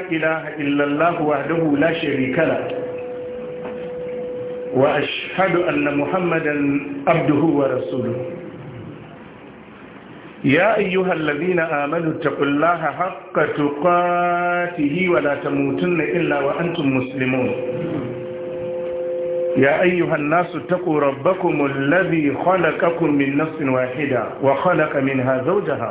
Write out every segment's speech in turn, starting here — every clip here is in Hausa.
ilaha illallah wahdahu la sharika la wa ashhadu anna muhammadan abduhu wa rasuluhu ya ayyuhal ladina amanu taqullaha haqqa tuqatih wa la tamutunna illa wa antum muslimun يا أيها الناس اتقوا ربكم الذي خلقكم من نفس واحدة وخلق منها زوجها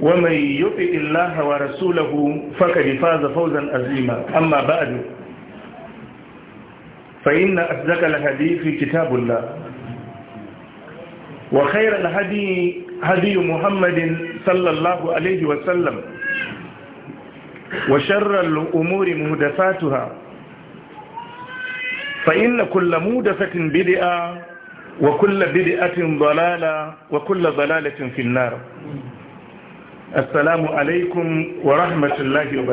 ومن يطع الله ورسوله فقد فاز فوزا عظيما أما بعد فإن أصدق الحديث كتاب الله وخير الهدي هدي محمد صلى الله عليه وسلم وشر الأمور مهدفاتها فإن كل مودفة بدئة وكل بدئة ضلالة وكل ضلالة في النار assalamu alaikum wa rahmatullahi wa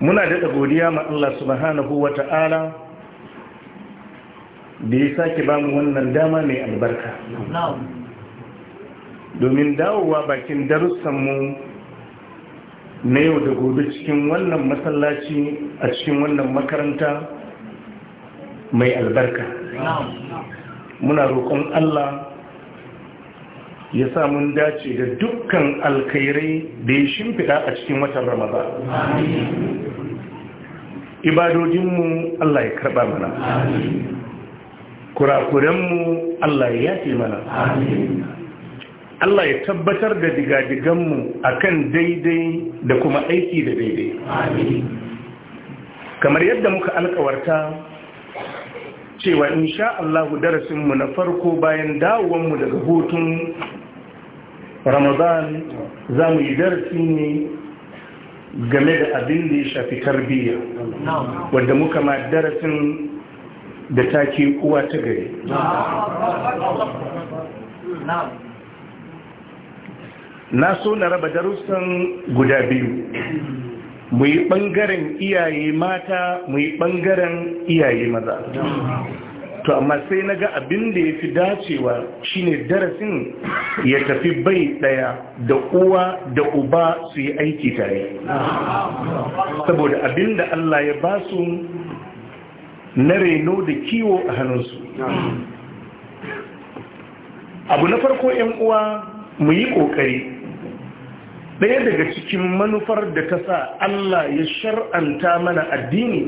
muna daɗa godiya ma Allah subhanahu wa ta'ala da ya sake ba mu wannan dama mai albarka domin dawowa bakin darussanmu na yau da gobe cikin wannan masallaci a cikin wannan makaranta mai albarka muna roƙon Allah ya sa mun dace da dukkan alkhairai da ya shimfiɗa a cikin watan ramadan ibadojinmu Allah ya karɓa mana kurakurenmu Allah ya yafe mana Allah ya tabbatar da digadiganmu a kan daidai da kuma aiki da daidai kamar yadda muka alkawarta cewa insha Allah, darasinmu na farko bayan dawowanmu daga hutun ramadan za mu yi darasi ne game da abin da ya shafi tarbiyya wadda muka ma darasin da take uwa ta gari na so na raba darussan guda biyu mu yi ɓangaren iyaye mata mu yi ɓangaren iyaye maza to amma sai na ga abin da ya fi dacewa shine darasin ya tafi bai daya da uwa da uba su yi aiki tare saboda abin da Allah ya ba su na reno da kiwo a hannunsu abu na farko yan uwa mu yi kokari ɗaya daga cikin manufar da ta sa Allah ya shar'anta mana addini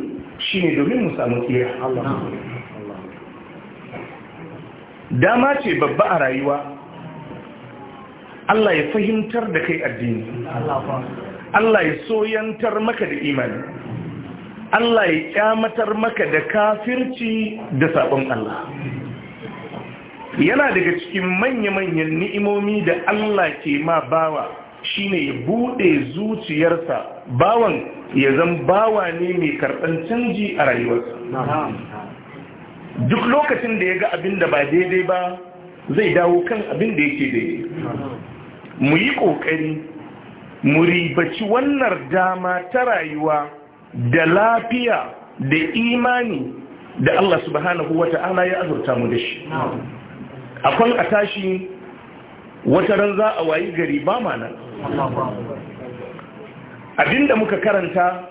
shine domin mu samu tsiya dama ce babba a rayuwa Allah ya fahimtar da kai addini Allah ya soyantar maka da imani Allah ya kyamatar maka da kafirci da sabon Allah yana daga cikin manya-manyan ni'imomi da Allah ke ma bawa shine ya bude zuciyarsa bawan ya zan bawa ne mai karɓar canji a rayuwarsa duk lokacin da ya ga abin da ba daidai ba zai dawo kan abin da yake daidai mu yi ƙoƙari mu ribaci wannan dama ta rayuwa da lafiya da imani da Allah subhanahu wa ta'ala ya azurta mu da shi akwai a tashi wata ran za a wayi gari ba Abin abinda muka karanta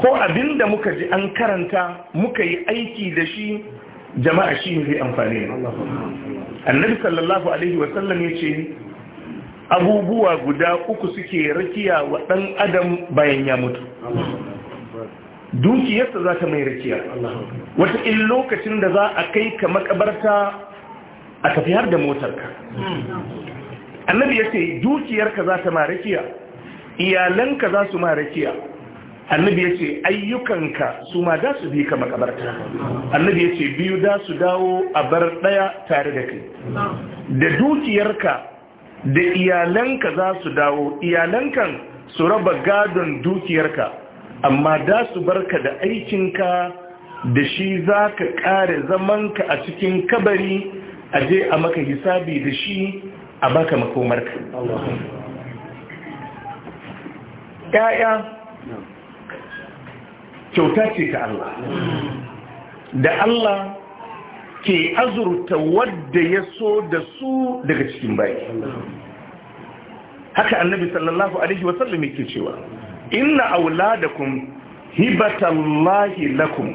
ko abin da muka ji an karanta muka yi aiki da shi jama'a shi ne zai amfani annabi sallallahu alaihi wasallam ya ce abubuwa guda uku suke rakiya wa ɗan adam bayan ya mutu dukiyarsa za ta mai rakiya wata in lokacin da za a kai ka makabarta a tafiyar da motarka annabi ya ce dukiyarka za ta ma rakiya iyalanka za su ma rakiya annabi ya ce ayyukanka su ma za su bi ka makabarta annabi ya ce biyu za su dawo a bar ɗaya tare da kai da dukiyarka da iyalanka za su dawo iyalankan su raba gadon dukiyarka amma da su barka da aikinka da shi za ka ƙare zamanka a cikin kabari a je a maka hisabi da shi a baka makomarka kyauta ce ta Allah da Allah ke azurta wadda ya so da su daga cikin bayi haka annabi sallallahu alaihi wasallam yake cewa inna auladakum hibatallahi lakum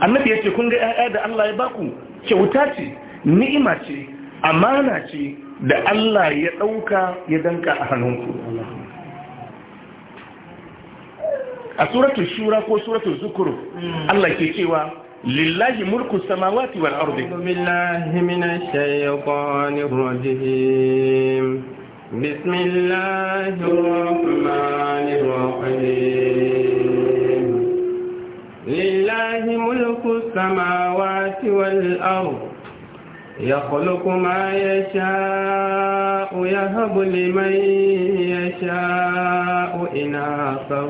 annabi yace kun ga ƴaƴa da Allah ya baku kyauta ce ni'ima ce amana ce da Allah ya dauka ya danka a hannunku a suratul shura ko suratul zukuru Allah ke cewa lillahi mulku samawati wal ardi billahi minash shaytanir rajim bismillahir lillahi mulku samawati wal ardi يخلق ما يشاء يهب لمن يشاء إناثا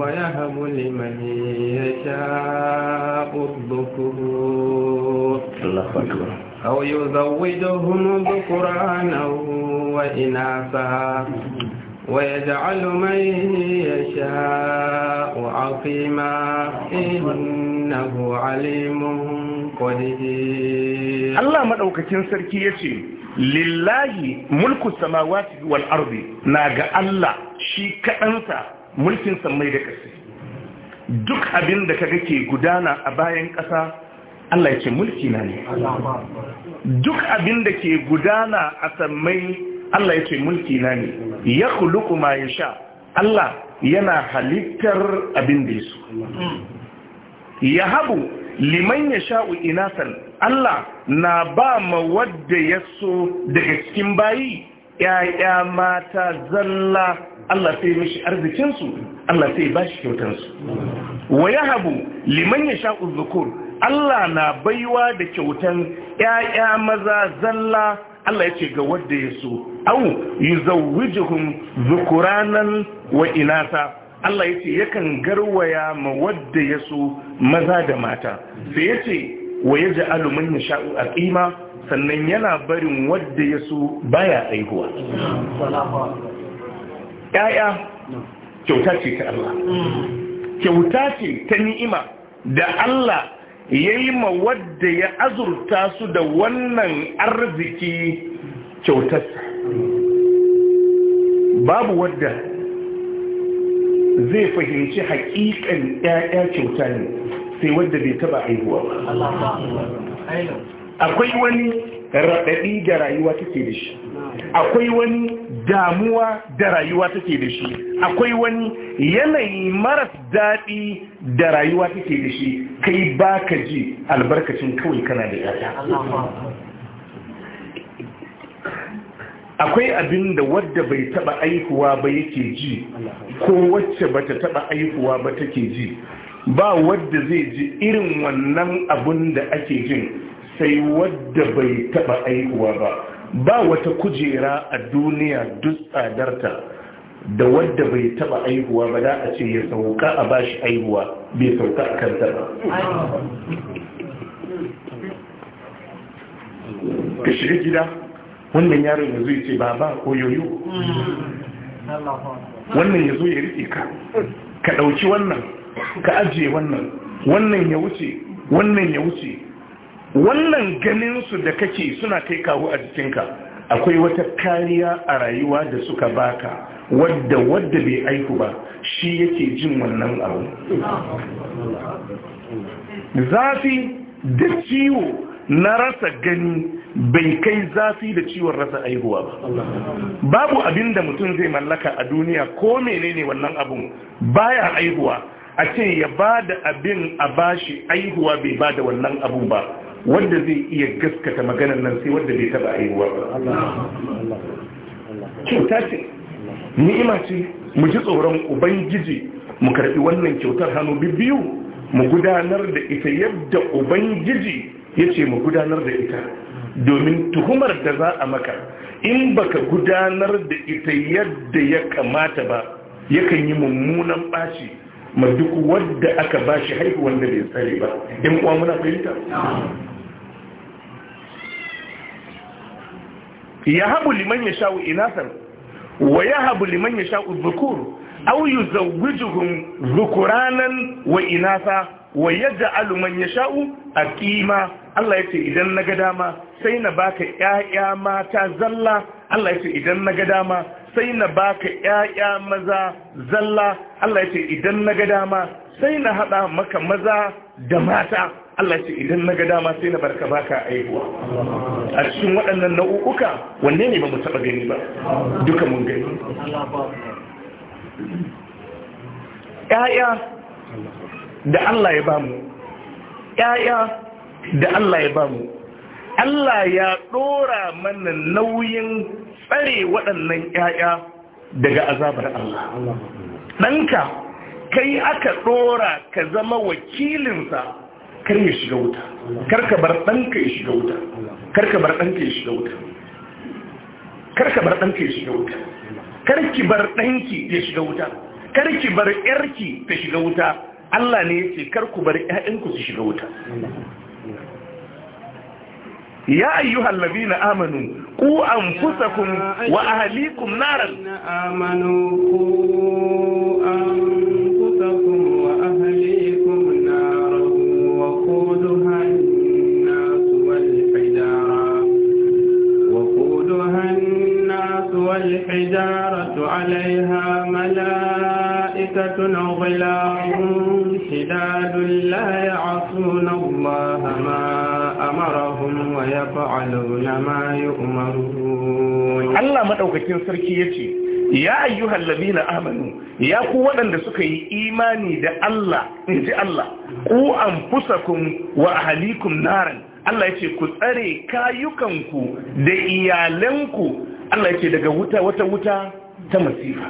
ويهب لمن يشاء الذكور الله أكبر أو يزوجهم ذكرانا وإناثا ويجعل من يشاء عقيما إنه عليم قدير Allah madaukakin sarki ya ce, lillahi mulku samawati wal ardi na ga Allah shi kaɗansa mulkin samai da ƙasa duk abin da kaga ke gudana a bayan ƙasa Allah ce mulki na ne duk abin da ke gudana a sammai Allah ce mulki na ne ya khuluqu ma yasha Allah yana halittar abin da ya yaso habu liman ya yasha'u inasan Allah na ba ma wadda ya so daga cikin bayi ‘ya'ya mata zalla Allah sai mishi arzikinsu, Allah sai ba shi kyautansu. Wa ya habu liman ya sha zukur, Allah na baiwa da kyautan ‘ya'ya maza zalla Allah ya ce ga wadda ya so, au yi zauwijihun zukuranan wa inasa. Allah ya ce yakan garwaya ma wadda ya so maza da mata. Sai ya ce wa ya ja'alu man yasha'u aqima sannan yana barin wanda ya baya aihuwa Yaya kyauta ce ta Allah kyauta ce ta ni'ima da Allah yayi ma wadda ya azurta su da wannan arziki kyautarsa babu wadda zai fahimci haƙiƙan ƴaƴa kyauta ne sai wadda bai taba ba. akwai wani raɗaɗi da rayuwa take da shi akwai wani damuwa da rayuwa take da shi akwai wani yanayi maras daɗi da rayuwa take da shi kai ba ka ji albarkacin kawai kana da yaya akwai abin da wadda bai taba aihuwa ba yake ji ko wacce bata taba aihuwa ba take ji ba wadda zai ji irin wannan abun da ake jin sai wadda bai taba aikuwa ba ba wata kujera a duniya duk tsadarta da wadda bai taba aihuwa ba da a ce ya sauka a bashi aihuwa bai sauka a kanta ba ka shiga gida wannan yaron ya zo ya ce ba ba koyoyo mm. wannan ya zo ya riƙe ka ka ɗauki wannan ka ajiye wannan wannan ya wuce wannan ya wuce wannan ganinsu da kake suna kai kawo a jikinka akwai wata kariya a rayuwa da suka baka wadda wadda bai aiku ba shi yake jin wannan abu zafi da ciwo na rasa gani bai kai zafi da ciwon rasa aihuwa ba babu abin da mutum zai mallaka a duniya ko menene wannan abun baya aihuwa a ce ya ba da abin a bashi aihuwa bai ba da wannan abu ba wanda zai iya gaskata maganar nan sai wanda bai taba aihuwa ba kyauta ce ni'ima ce mu ji tsoron ubangiji mu karɓi wannan kyautar hannu biyu mu gudanar da ita yadda ubangiji ya ce mu gudanar da ita domin tuhumar da za a maka in baka gudanar da ita yadda ya kamata ba yakan yi mummunan ɓaci ma duk wadda aka ba shi haihu wanda bai tsare ba in kuwa muna fahimta ya habu liman ya sha'u inasan wa ya habu liman ya sha'u zukur auyu zaugujuhun zukuranan wa inasa wa yadda aluman ya sha'u a kima Allah ya ce idan na ga dama sai na baka ‘ya'ya mata zalla Allah ya ce idan na ga dama sai na baka ƴaƴa maza zalla Allah ya ce idan na ga dama sai na haɗa maka maza da mata Allah ya ce idan na ga dama sai na barka baka aihuwa a cikin waɗannan nau'uka wanne ne ba mu taɓa gani ba duka mun gani ƴaƴa da Allah ya mu ƴaƴa da Allah ya bamu Allah ya ɗora mana nauyin tsare waɗannan ‘ya'ya daga azabar Allah. Ɗanka, kai aka ɗora ka zama wakilinsa kar ya shiga wuta, kar ka bar ɗanka ya shiga wuta, kar ka bar ɗanka ya shiga wuta, kar ka bar ɗanka ya shiga wuta, kar ki bar ɗanki ya shiga wuta, kar ki bar ƴarki ta shiga wuta, Allah ne ya ce kar ku bar ‘ya'yanku su shiga wuta. يا أيها الذين آمنوا قوا أنفسكم وأهليكم نارا آمنوا قوا أنفسكم وأهليكم نارا وقودها الناس والحجارة وقودها الناس والحجارة عليها ملائكة غلاظ شداد لا يفعلون ما يؤمرون الله مدوكين سركي يتي يا أيها الذين آمنوا يا قوة لسكي إيماني دا الله إنجي الله قو أنفسكم وأهليكم نارا Allah ya ce ku tsare kayukanku da iyalanku Allah ya ce daga wuta wata wuta ta masifa.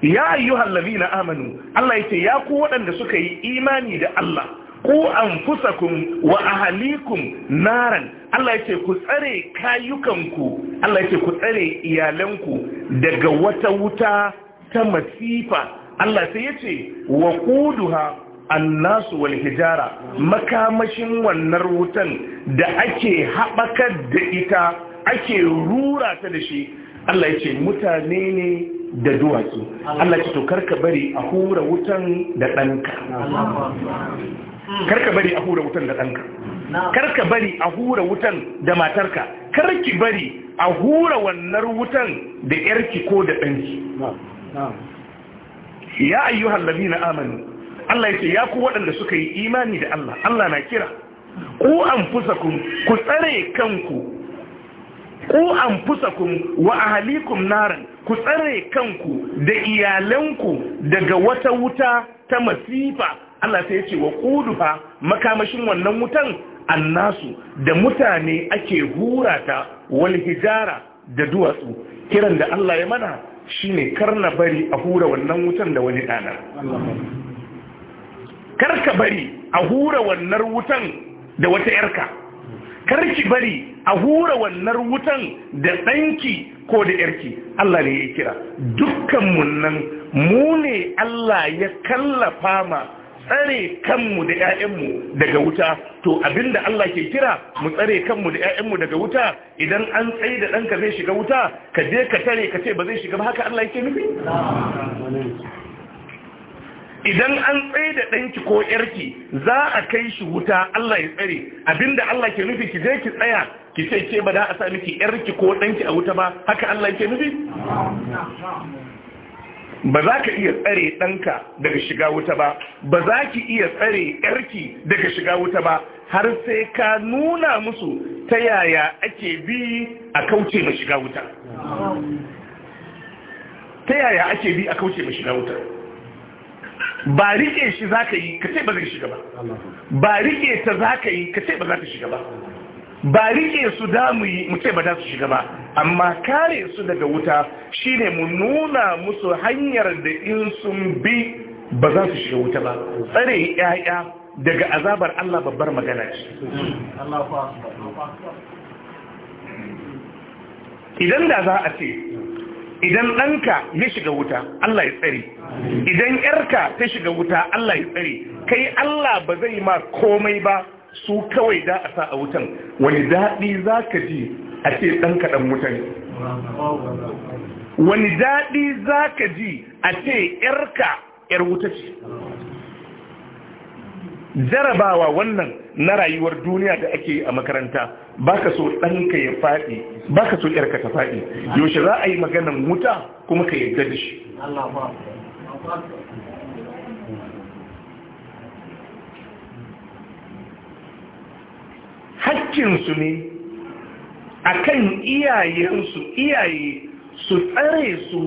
Ya ayyuhal ladina amanu Allah ya ce ya ku waɗanda suka yi imani da Allah ku an kun wa ahalikum naran Allah yake ku tsare kayukanku Allah yake ku tsare iyalanku daga wata wuta ta masifa Allah sai yace wa quduha annasu wal hijara makamashin wannan wutan da ake haɓakar da ita ake rura ta da shi Allah ya ce mutane ne da duwatsu Allah ya ce to karka bari a hura wutan da ɗanka karka bari a hura wutan da ɗanka karka bari a hura wutan da matarka karki bari a hura wannan wutan da yarki ko da ɗanki ya hallabi na amanu Allah ya ce ya ku waɗanda suka yi imani da Allah Allah na kira ku an kun ku tsare kanku ku an kun wa ahlikum naran ku tsare kanku da iyalanku daga wata wuta ta masifa Allah sai ya ce wa quduha makamashin wannan wutan annasu da mutane ake hura ta wal hijara da duwatsu kiran da Allah ya mana shine karna bari a hura wannan wutan da wani dana karka bari a hura wannan wutan da wata yarka karki bari a hura wannan wutan da ɗanki ko da yarki Allah ne ya kira Dukkan mun nan mu ne Allah ya kallafa ma tsare kanmu da ‘ya'yanmu daga wuta to abinda Allah ke kira mu tsare kanmu da ‘ya'yanmu daga wuta idan an tsaye da ɗanka zai shiga wuta ka je ka tare ka ce ba zai shiga ba haka Allah yake nufi idan an tsaye da ɗanki ko ‘yarki za a kai shi wuta Allah ya tsare abinda Allah ke nufi ki je ki tsaya ki ce ke ba da a sa miki ‘yarki ko ɗanki a wuta ba haka Allah yake nufi ba za ka iya tsare ɗanka daga shiga wuta ba ba za ki iya tsare ƴarki daga shiga wuta ba har sai ka nuna musu ta yaya ake bi a kauce ma shiga wuta ta yaya ake bi a kauce ma shiga wuta ba rike shi za ka yi ka ce ba zai shiga ba ba rike ta za ka yi ka ce ba za ta shiga ba ba rike su damu yi mu ce ba za su shiga ba amma kare su daga wuta shine mu nuna musu hanyar da in sun bi ba za su shiga wuta ba tsare ya'ya daga azabar Allah babbar magana ce idan da za a ce idan ɗanka ya shiga wuta Allah ya tsare idan ‘yarka ta shiga wuta Allah ya tsare kai Allah ba zai ma komai ba su kawai da a sa a wutan wani daɗi za ka ji a ce ɗan kaɗan mutane wani daɗi za ka ji a ce ‘yarka ‘yar wuta ce jarabawa wannan na rayuwar duniya da ake a makaranta ba ka so ɗanka ya faɗi ba ka so ‘yarka ta faɗi yaushe za a yi maganan wuta kuma ka yi da shi hakkinsu ne akan iyayensu iyaye su tsare su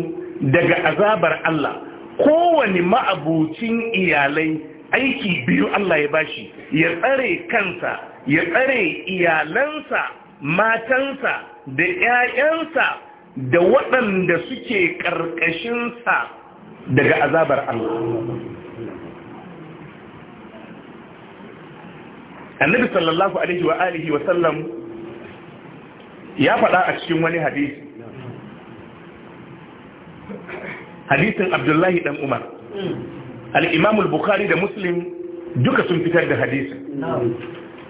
daga azabar Allah kowane ma'abucin iyalai aiki biyu Allah ya bashi ya tsare kansa ya tsare iyalansa matansa da 'ya'yansa da waɗanda suke ƙarƙashinsa daga azabar Allah annabi sallallahu alaihi wa alihi wa sallam ya faɗa a cikin wani hadisi hadisin abdullahi dan umar al'imamul bukhari da muslim duka sun fitar da hadisin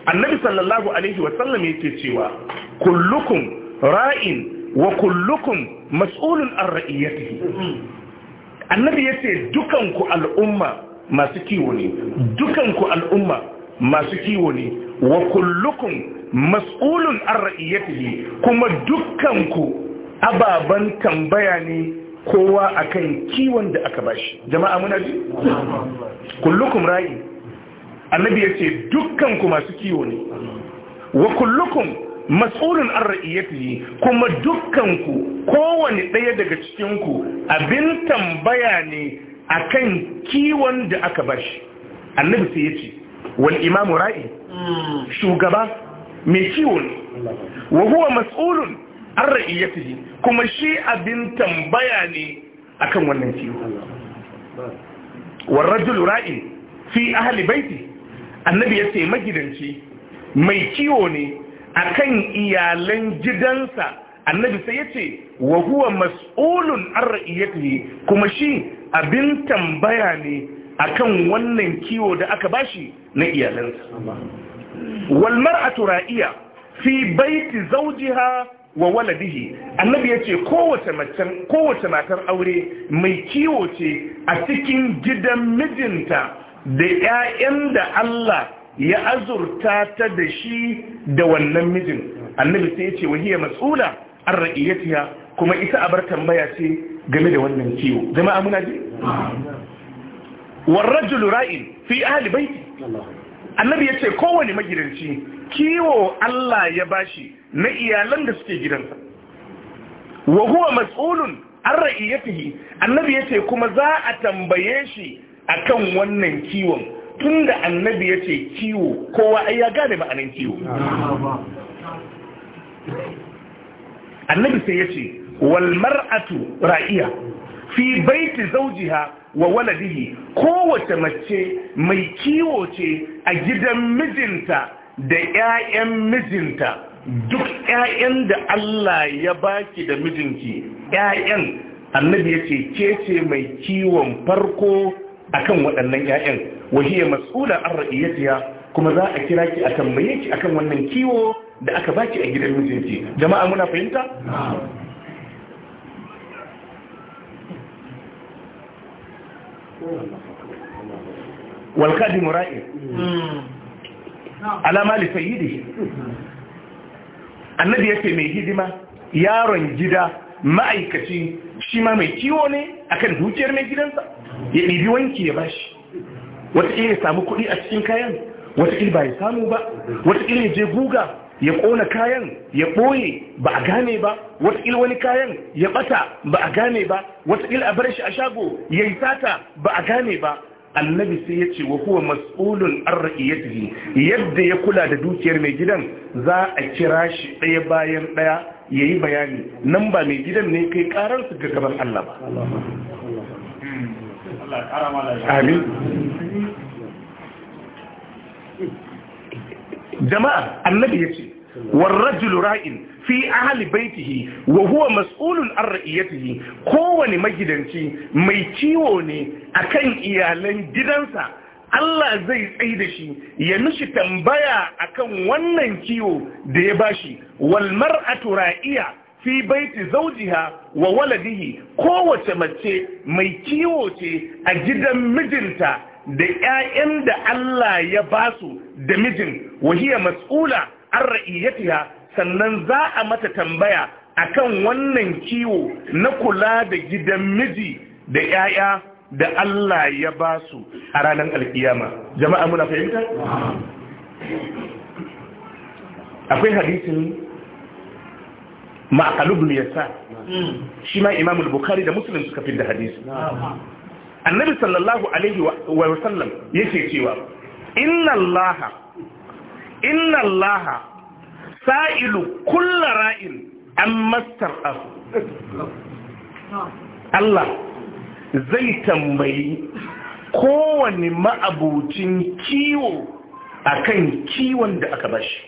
annabi sallallahu alaihi wasallam yake cewa kullukum ra'in wa kullukun mas'ulun an ra'iyatihi annabi yace dukanku al'umma masu kiwo ne dukanku al'umma masu kiwo ne wa kullukum mas'ulun an ra'iyatihi kuma dukkanku ababan tambaya ne kowa akan kiwon da aka bashi jama'a muna ji kullukum ra'i annabi yace dukkanku masu kiwo ne wa kullukum mas'ulun an ra'iyatihi kuma dukkanku kowane ɗaya daga cikinku abin tambaya ne akan kiwon da aka bashi annabi sai yace wal imamu ra'i shugaba mai kiwo ne wa huwa mas'ulun an ra'iyatihi kuma shi abin tambaya ne akan wannan kiwo war rajul ra'i fi ahli baiti annabi ya ce magidanci mai kiwo ne akan iyalan gidansa annabi sai ya ce wa huwa mas'ulun an ra'iyatihi kuma shi abin tambaya ne akan wannan kiwo da aka bashi na iyalansa Walmar Aturaiya fi baiti zawjiha wa waladihi annabi ya ce kowace matar aure mai kiwo ce a cikin gidan mijinta da yayan da Allah ya azurta ta da shi da wannan mijin annabi sai yace wa hiya mas'ula an ra'iyatiha kuma ita abar tambaya ce game da wannan kiwo jama'a muna ji warrajul ra'in fi ahli baiti annabi ya ce kowane magidanci kiwo Allah ya bashi na iyalan da suke gidansa wa huwa mas'ulun an ra'iyatihi annabi yace, kuma za a tambaye shi akan wannan kiwon tunda annabi ya kiwo kowa ya gane ma'anan kiwo annabi sai yace ce wal mar'atu ra'iya fi baiti zawjiha wa waladihi kowace mace mai kiwo ce a gidan mijinta da 'ya'yan mijinta duk 'ya'yan da Allah ya baki da mijinki 'ya'yan annabi ya ce ke ce mai kiwon farko akan waɗannan 'ya'yan wahi ya mas'ula an ra'iyyatiya kuma za a kira ki a tambaye ki akan wannan kiwo da aka baki a gidan mijinki jama'a muna fahimta walkadi murai, alama lisayi da annabi ya ce mai hidima yaron gida ma'aikaci shima mai ciwo ne akan dukiyar mai gidansa ya ɗibi wanki ya bashi wata ya samu kuɗi a cikin kayan wata ba ya samu ba wata ya je guga ya ƙona kayan ya ɓoye ba a gane ba watakil wani kayan ya ɓata ba a gane ba watakil a bar shi a shago ya yi sata ba a gane ba annabi sai ya ce wa kuwa mas'ulun arra'iyatihi yadda ya kula da dukiyar mai gidan za a kira shi ɗaya bayan ɗaya ya yi bayani nan ba mai gidan ne kai ƙararsu ga gaban Allah ba. Amin. jama'a annabi ya ce والرجل رائن في أهل بيته وهو مسؤول عن رئيته كون مجدنشي ميتيوني أكن إيالين جدنسا Allah zai tsaye da shi ya mishi tambaya akan wannan kiwo da ya bashi wal mar'atu ra'iya fi baiti zaujiha wa waladihi kowace mace mai kiwo ce a gidan mijinta da 'ya'yan da Allah ya basu da mijin wahiya mas'ula an ra'iyatiha sannan za a mata tambaya akan wannan kiwo na kula da gidan miji da 'ya'ya da Allah ya ba su a ranar alkiyama jama'a muna fahimta? akwai hadisin ya yasa shi ma imamul Bukhari da musulun suka fi da hadisi annabi sallallahu alaihi wa sallam yake cewa inna allaha inna allaha sa'ilu kulla ra'in an mastar asu Allah zai tambayi kowane ma'abucin kiwo akan kiwon da aka bashi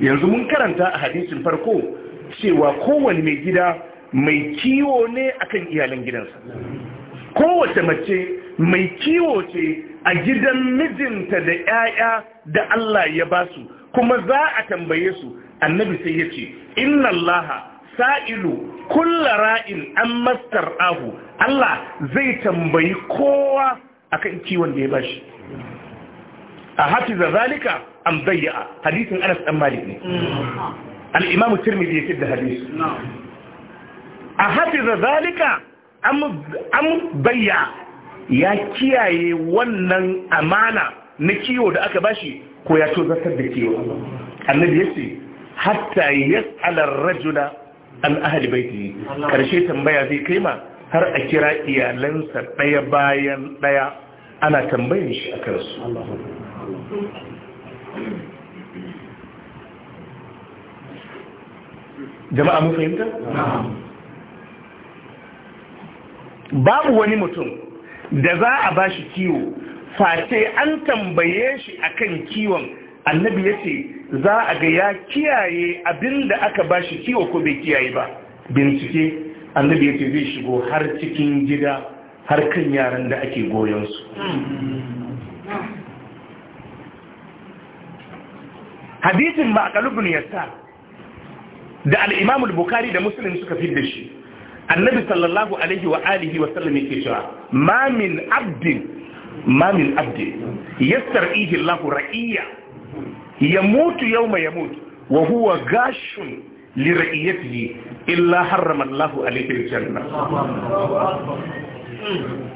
yanzu mun karanta a hadisin farko cewa kowane mai gida mai kiwo ne akan iyalan gidansa kowace mace mai kiwo ce a gidan mijinta da 'ya'ya da Allah ya ba su kuma za a tambaye su annabi sai ya ce inna Allah sa'ilu kulla ra'in an mastar ahu Allah zai tambayi kowa a kan kiwon da ya bashi a za zalika an bayya hadisun Anas ɗan Malik ne al da ya fi da hadisu. a za zalika an bayya ya kiyaye wannan amana na kiwo da aka bashi ko ya tozartar da kiwo annabi ya ce hatta yas'alar rajula an ahli baiti karshe tambaya zai kai ma har a kira iyalansa daya bayan daya ana tambayin shi a kansu jama'a mun fahimta babu wani mutum da za a ba shi kiwo face an tambaye shi akan kiwon annabi ya ce za a ga ya kiyaye abin da aka ba shi kiwo ko bai kiyaye ba bincike annabi ya ce zai shigo har cikin gida har kan yaran da ake goyonsu hadisin ba a kalubun yasa da al'imamul bukari da musulun suka fi da shi النبي صلى الله عليه وآله وسلم يقول ما من عبد ما من عبد يسر إيه الله رأيه يموت يوم يموت وهو غاش لرأيته إلا حرم الله عليه الجنة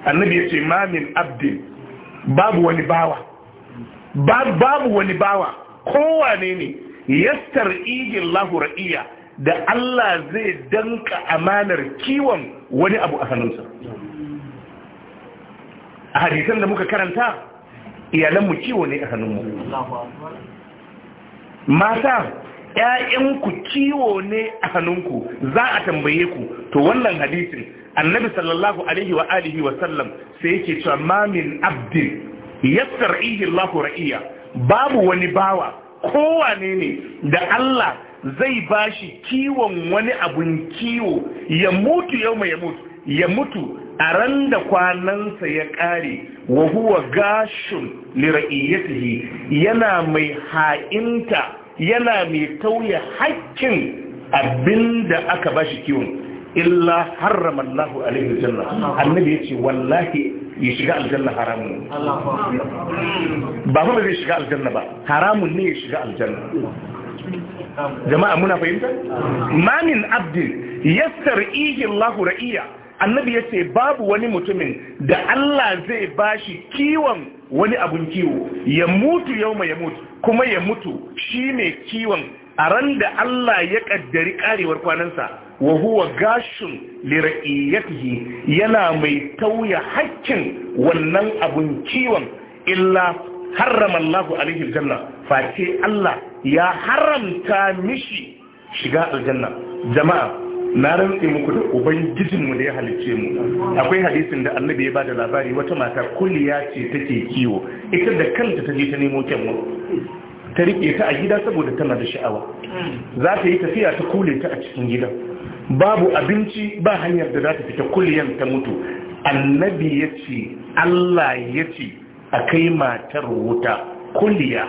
النبي يقول ما من عبد باب ونباوة باب باب ونباوة قوة نيني يسر إيه الله رأيه da Allah zai danka amanar kiwon wani abu a hannunsa a hadisan da muka karanta iyalanmu kiwo ne a hannunmu mata ‘ya'yanku kiwo ne a hannunku za a tambaye ku to wannan hadisin annabi sallallahu alaihi wa alihi wa sallam sai yake cewa mamin abdi yassar ihi ra'iya babu wani bawa kowane ne da Allah zai ba shi kiwon wani abun kiwo ya mutu yau mai ya mutu ya mutu a ran da kwanansa ya ƙare wa huwa gashun lira'iyyatihi yana mai ha'inta yana mai tauye haƙƙin abinda aka ba shi kiwon illa harrama Allah alaihi jalla annabi yace wallahi ya shiga aljanna haramun ba kuma zai shiga aljanna ba haramun ne ya shiga aljanna jama'a muna fahimta mamin abdin yassar ihillahu ra'iya annabi ya ce babu wani mutumin da Allah zai bashi kiwon wani abun kiwo ya mutu yau ma ya mutu kuma ya mutu shi mai kiwon a ran da Allah ya kaddari karewar kwanansa wa huwa gashin lira'iyyatihi yana mai tauya hakkin wannan abun kiwon illa harrama Allahu alaihi janna face Allah ya haramta mishi shiga aljanna jama'a na rantse muku da ubangijinmu da ya halicce mu akwai hadisin da annabi ya bada labari wata mata kuliya ce take kiwo ita da kanta ta je ta nemo kyanwa ta riƙe ta a gida saboda tana da sha'awa za ta yi tafiya ta kule ta a cikin gidan babu abinci ba hanyar da za ta fita kuliyan ta mutu annabi ya ce allah ya ce a kai matar wuta kuliya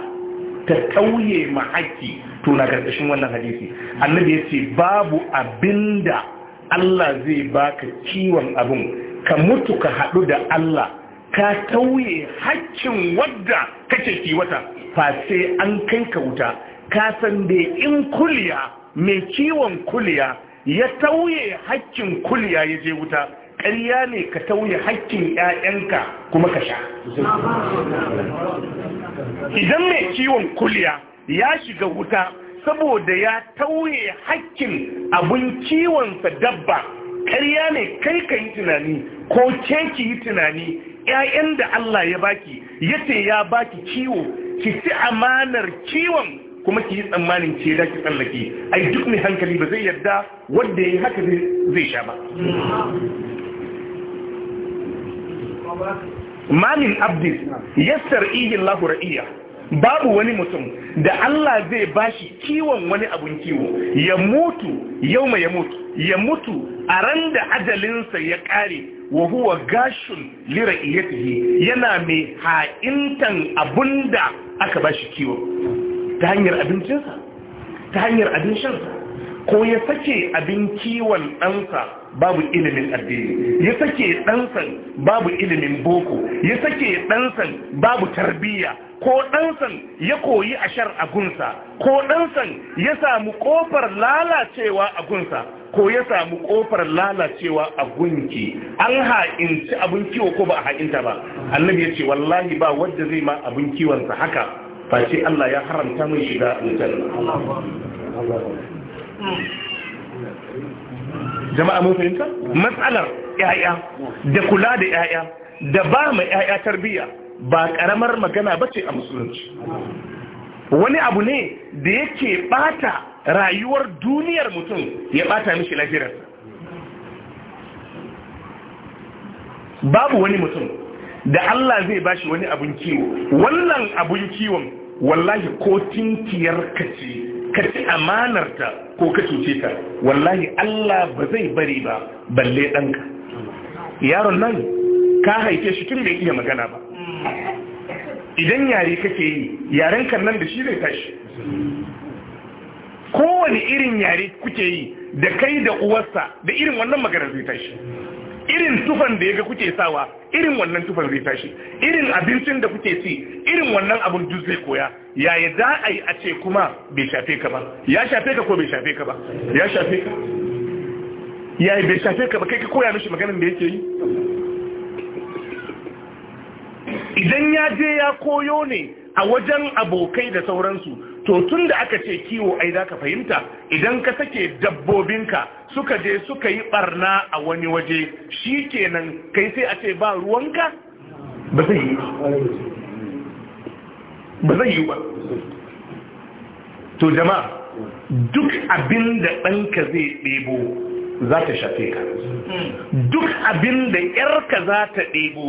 ta tauye ma haƙƙi to na ƙarƙashin wannan hadisi annabi ya ce babu abinda Allah zai baka kiwon abin ka mutu ka haɗu da Allah ka tauye haƙƙin wadda kake kiwata fa sai an kai ka wuta ka san da in kuliya mai kiwon kuliya ya tauye haƙƙin kuliya ya je wuta ƙarya ne ka tauye haƙƙin ‘ya'yanka kuma ka sha idan mai ciwon kulya ya shiga wuta saboda ya tauye haƙƙin abin sa dabba ƙarya ne kai ka yi tunani ko ke ki yi tunani ‘ya'yan da Allah ya baki ya ce ya baki ciwo ki ci amanar ciwon kuma ki yi tsammanin ce da ki tsallake ai duk mai hankali ba zai yarda wanda ya yi haka zai sha ba malin Abdi, yassar iyin lahura'iyya babu wani mutum da Allah zai bashi kiwon wani abun kiwo ya mutu yau mai ya mutu ya mutu a ran da ajalinsa ya kare wa gashin gashun lira tafi yana mai ha'intan abun da aka bashi kiwo ta hanyar abincinsa ta hanyar abin ko ya sake abin kiwon ɗansa babu ilimin addini ya sake ɗansan babu ilimin boko ya sake ɗansan babu tarbiyya ko ɗansan ya koyi a shar a gunsa ko ɗansan ya samu ƙofar lalacewa a gunsa ko ya samu ƙofar lalacewa a gunki an ha'inci abun kiwo ko ba a ha'inta ba annabi ya ce wallahi ba wanda zai ma abin kiwonsa haka face Allah ya haramta mai shiga aljanna jama'a mun fahimta matsalar yaya da kula da yaya da ba ma yaya tarbiyya ba karamar magana ba ce a musulunci wani abu ne da yake bata rayuwar duniyar mutum ya bata mishi lafiyarsa babu wani mutum da Allah zai bashi wani abun kiwo wannan abun kiwon wallahi ko tinkiyar kace ka ci amanarta ko ka cuce ta wallahi Allah ba zai bari ba balle ɗanka yaron nan ka haife shi tun bai iya magana ba idan yare kake yi yaren kan nan da shi zai tashi kowane irin yare kuke yi da kai da uwarsa da irin wannan magana zai tashi irin tufan da ya ga kuke sawa irin wannan tufan zai tashi irin abincin da kuke ci irin wannan abun duk zai koya yaya za a yi a ce kuma bai shafe ka ba ya shafe ka ko bai shafe ka ba ya shafe ka yaya bai shafe ka ba kai ka koya mishi maganin da yake yi idan ya je ya koyo ne a wajen abokai da sauransu to tun da aka ce kiwo ai za ka fahimta idan ka sake dabbobinka suka je suka yi barna a wani waje shi kenan kai sai a ce ba ruwanka ba zai yi ba zai yi ba to jama'a duk abin da ɗanka zai ɗebo za ta shafe ka duk abin da ƴarka za ta ɗebo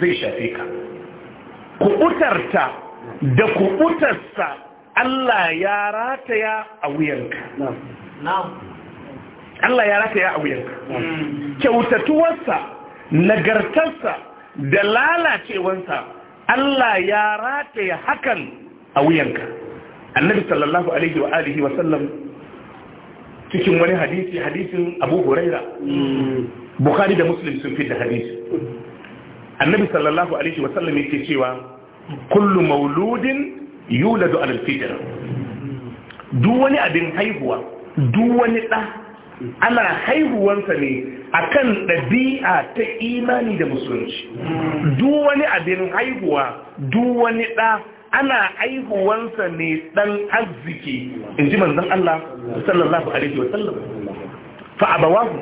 zai shafe ka kuɓutarta da kuɓutarsa Allah ya rataya a wuyanka Allah ya rataya a wuyanka kyautatuwarsa nagartarsa da lalacewarsa Allah ya rataye hakan a wuyanka annabi sallallahu alaihi wa alihi wa sallam cikin wani hadisi hadisin Abu Huraira Bukhari da Muslim sun fi da hadisi annabi sallallahu alaihi wa sallam yake cewa kullu mauludin yuladu ala alfitr duk wani abin haihuwa duk wani da ana haihuwansa ne akan ɗabi'a ta imani da musulunci duk wani abin haihuwa duk wani ɗa ana haihuwansa ne ɗan arziki in ji manzan Allah sallallahu alaihi wasallam fa abawahu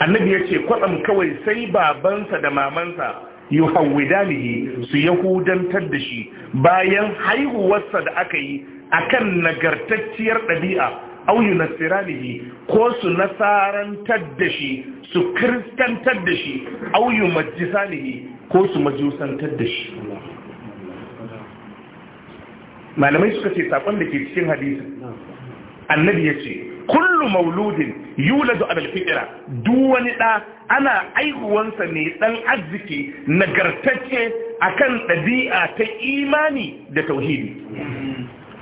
annabi ya ce kwatsam kawai sai babansa da mamansa yi hawidanihi su yahudantar da shi bayan haihuwarsa da aka yi akan nagartacciyar ɗabi'a au yunassiranihi ko su nasarantar da shi su kiristantar da shi au ko su majusantar da shi malamai suka ce sakon da ke cikin hadisi annabi ya ce kullum mauludin yuladu abal fitira duk wani ɗa ana aihuwansa ne dan arziki nagartacce akan ɗabi'a ta imani da tauhidi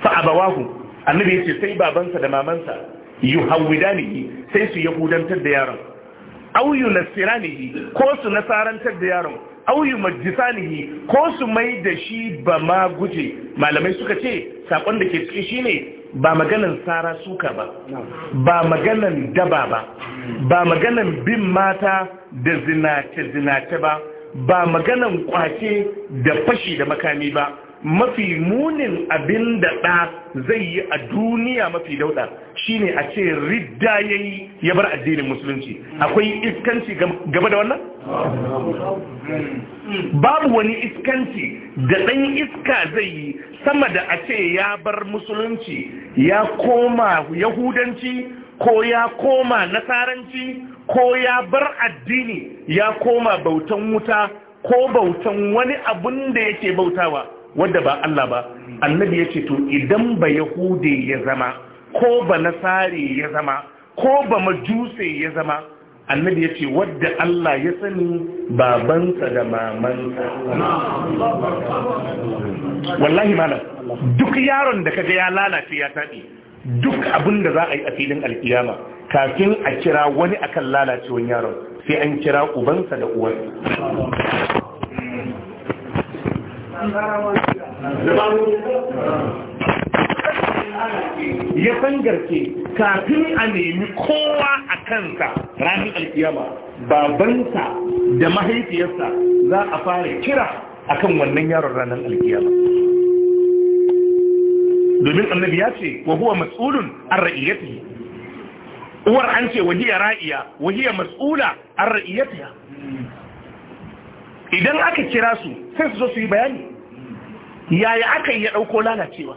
fa abawahu annabi yace sai babansa da mamansa yuhawwidanihi sai su yahudantar da yaron aw yunasiranihi ko su nasarantar da yaron aw yumajjisanihi ko su mai da shi ba ma guje malamai suka ce sakon da ke ciki shine ba maganan sara suka ba ba maganan daba ba ba maganan bin mata da zinace zinace ba ba maganan kwace da fashi da makami ba mafi munin abin da ɗa zai yi a duniya mafi dauɗa shine a ce ridda ya yi ya bar addinin musulunci akwai iskanci gaba da wannan? babu wani iskanci da ɗan iska zai yi sama da a ce ya bar musulunci ya koma yahudanci ko ya koma nasaranci ko ya bar addini ya koma bautan wuta ko bautan wani abun da yake bautawa wadda ba Allah ba annabi ya ce to idan ba yahude ya zama ko ba nasare ya zama ko ba majuse ya zama annabi ya ce wadda Allah ya sani babansa da mamansa wallahi malam duk yaron da kaga ya lalace ya tabi duk abin da za a yi a filin alkiyama kafin a kira wani akan lalacewan yaron sai an kira ubansa da uwarsa ya sangarce kafin a nemi kowa a kansa ranar alkiyama babansa da mahaifiyarsa za a fara kira akan wannan yaron ranar alkiyama domin annabi ya ce wa huwa mas'ulun an yi. uwar an ce wahiya ra'iya wahiya mas'ula an yi. idan aka kira su sai su zo su yi bayani yaya aka yi dauko lalacewa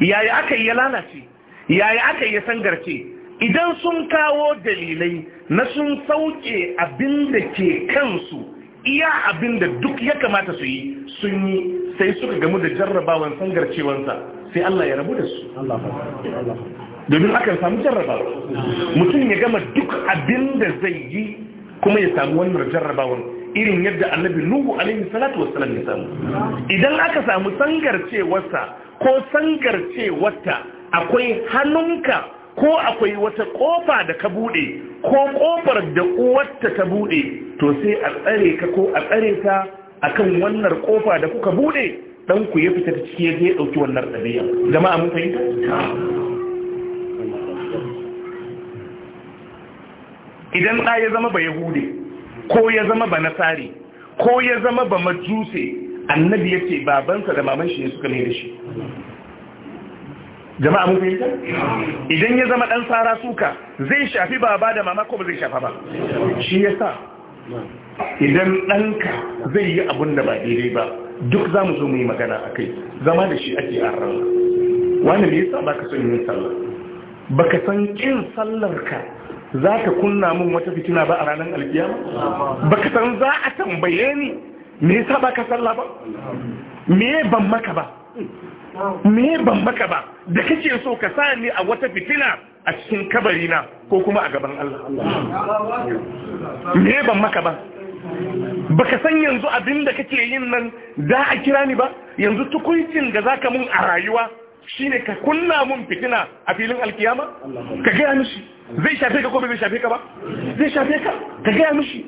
yaya aka yi lalace yaya aka yi sangarce idan sun kawo dalilai na sun sauke abin da ke kansu iya abin da duk ya kamata su yi sun yi sai suka gamu da jarrabawan sangarcewansa sai Allah ya rabu da su domin akan samu jarrabawa mutum ya gama duk abin da zai yi kuma ya samu wannan jarrabawan irin yadda annabi nuhu alaihi salatu wassalam ya samu idan aka samu wata ko wata akwai hannunka ko akwai wata kofa da ka bude ko kofar da uwarta ta bude to sai a tsare ka ko a tsare ta akan wannan kofa da kuka bude dan ku ya fita ciki ya je dauki wannan ɗabi'a jama'a mun fahimta idan ɗaya ya zama ba yahude ko ya zama ba nasari ko ya zama ba majuse annabi ya ce babansa da maman shi ne suka mai da shi jama'a mun fahimta idan ya zama dan tsara suka zai shafi baba da mama ko ba zai shafa ba shi ya sa? idan ɗanka zai yi abun da ba daidai ba duk za mu zo mu yi magana a kai zama da shi ake a ranka wani me yasa ka son yin sallah ka san kin sallar ka za ka kunna min wata fitina ba a ranar alkiyama ba ka san za a tambaye ni me yasa ba ka sallah ba me ban maka ba me ban maka ba da kake so ka sa ni a wata fitina a cikin kabari na ko kuma a gaban Allah me ban maka ba Ba ka san yanzu abin da kake yin nan da a kira ni ba yanzu tukuncin da za ka mun a rayuwa Shi ne ka kunna mun fitina a filin alkiyama ka gaya mishi zai shafe ka ko bai shafe ka ba zai shafe ka ka gaya mishi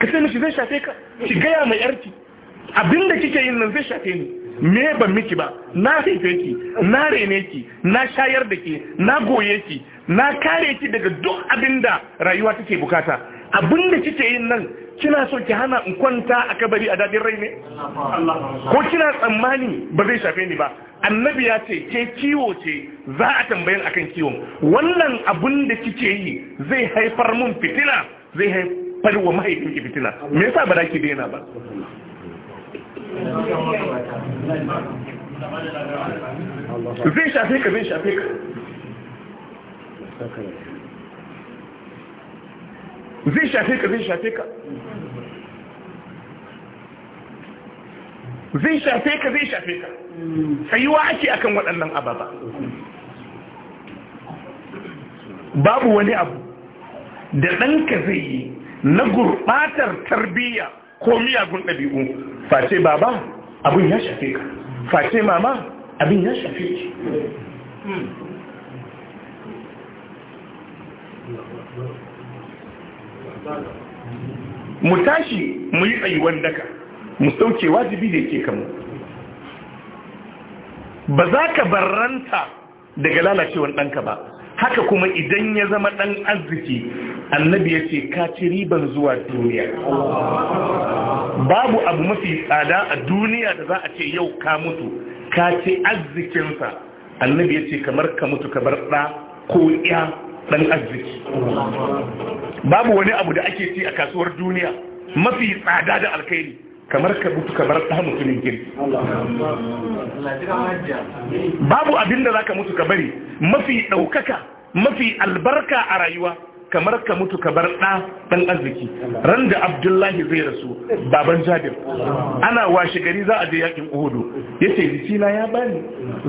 ka sai mishi zai shafe ka ki gaya mai yarki abinda kike yin nan zai shafe ni me ban miki ba na haife ki na rene ki na shayar da ke na goye ki na kare ki daga duk abinda rayuwa take bukata abinda kike yin nan kina so ki hana in kwanta a kabari a dadin rai ne ko kina tsammani ba zai shafe ni ba annabi ya ce ke kiwo ce za a tambayin akan kiwon wannan abun da kike yi zai haifar mun fitina zai haifar wa mahaifinki fitina me yasa ba da ki daina ba zai shafe ka zai shafe ka zai shafe ka zai shafe ka zai shafe ka zai shafe ka Sayuwa ake akan waɗannan ababa babu wani abu da ɗanka zai yi na gurɓatar tarbiyya ko miyagun ɗabi'u face baba abin ya shafe ka face mama abin ya shafe ki mu tashi mu yi tsayuwan daka mu wajibi da yake kanmu ba za ka baranta daga lalacewar ɗanka ba haka kuma idan ya zama ɗan arziki annabi ya ce ka ci riban zuwa duniya babu abu mafi tsada a duniya da za a ce yau ka mutu ka ci arzikinsa annabi ya ce kamar ka mutu ka bar ɗa ko ya ɗan arziki babu wani abu da ake ci a kasuwar duniya mafi tsada da alkhairi kamar ka mutu kamar ɗa mutumin girki babu abin da za ka mutu ka bari mafi ɗaukaka mafi albarka a rayuwa kamar ka mutu ka bar ɗa ɗan arziki ran da abdullahi zai rasu baban jabir ana washe gari za a je yakin uhudu ya ce jikina ya bani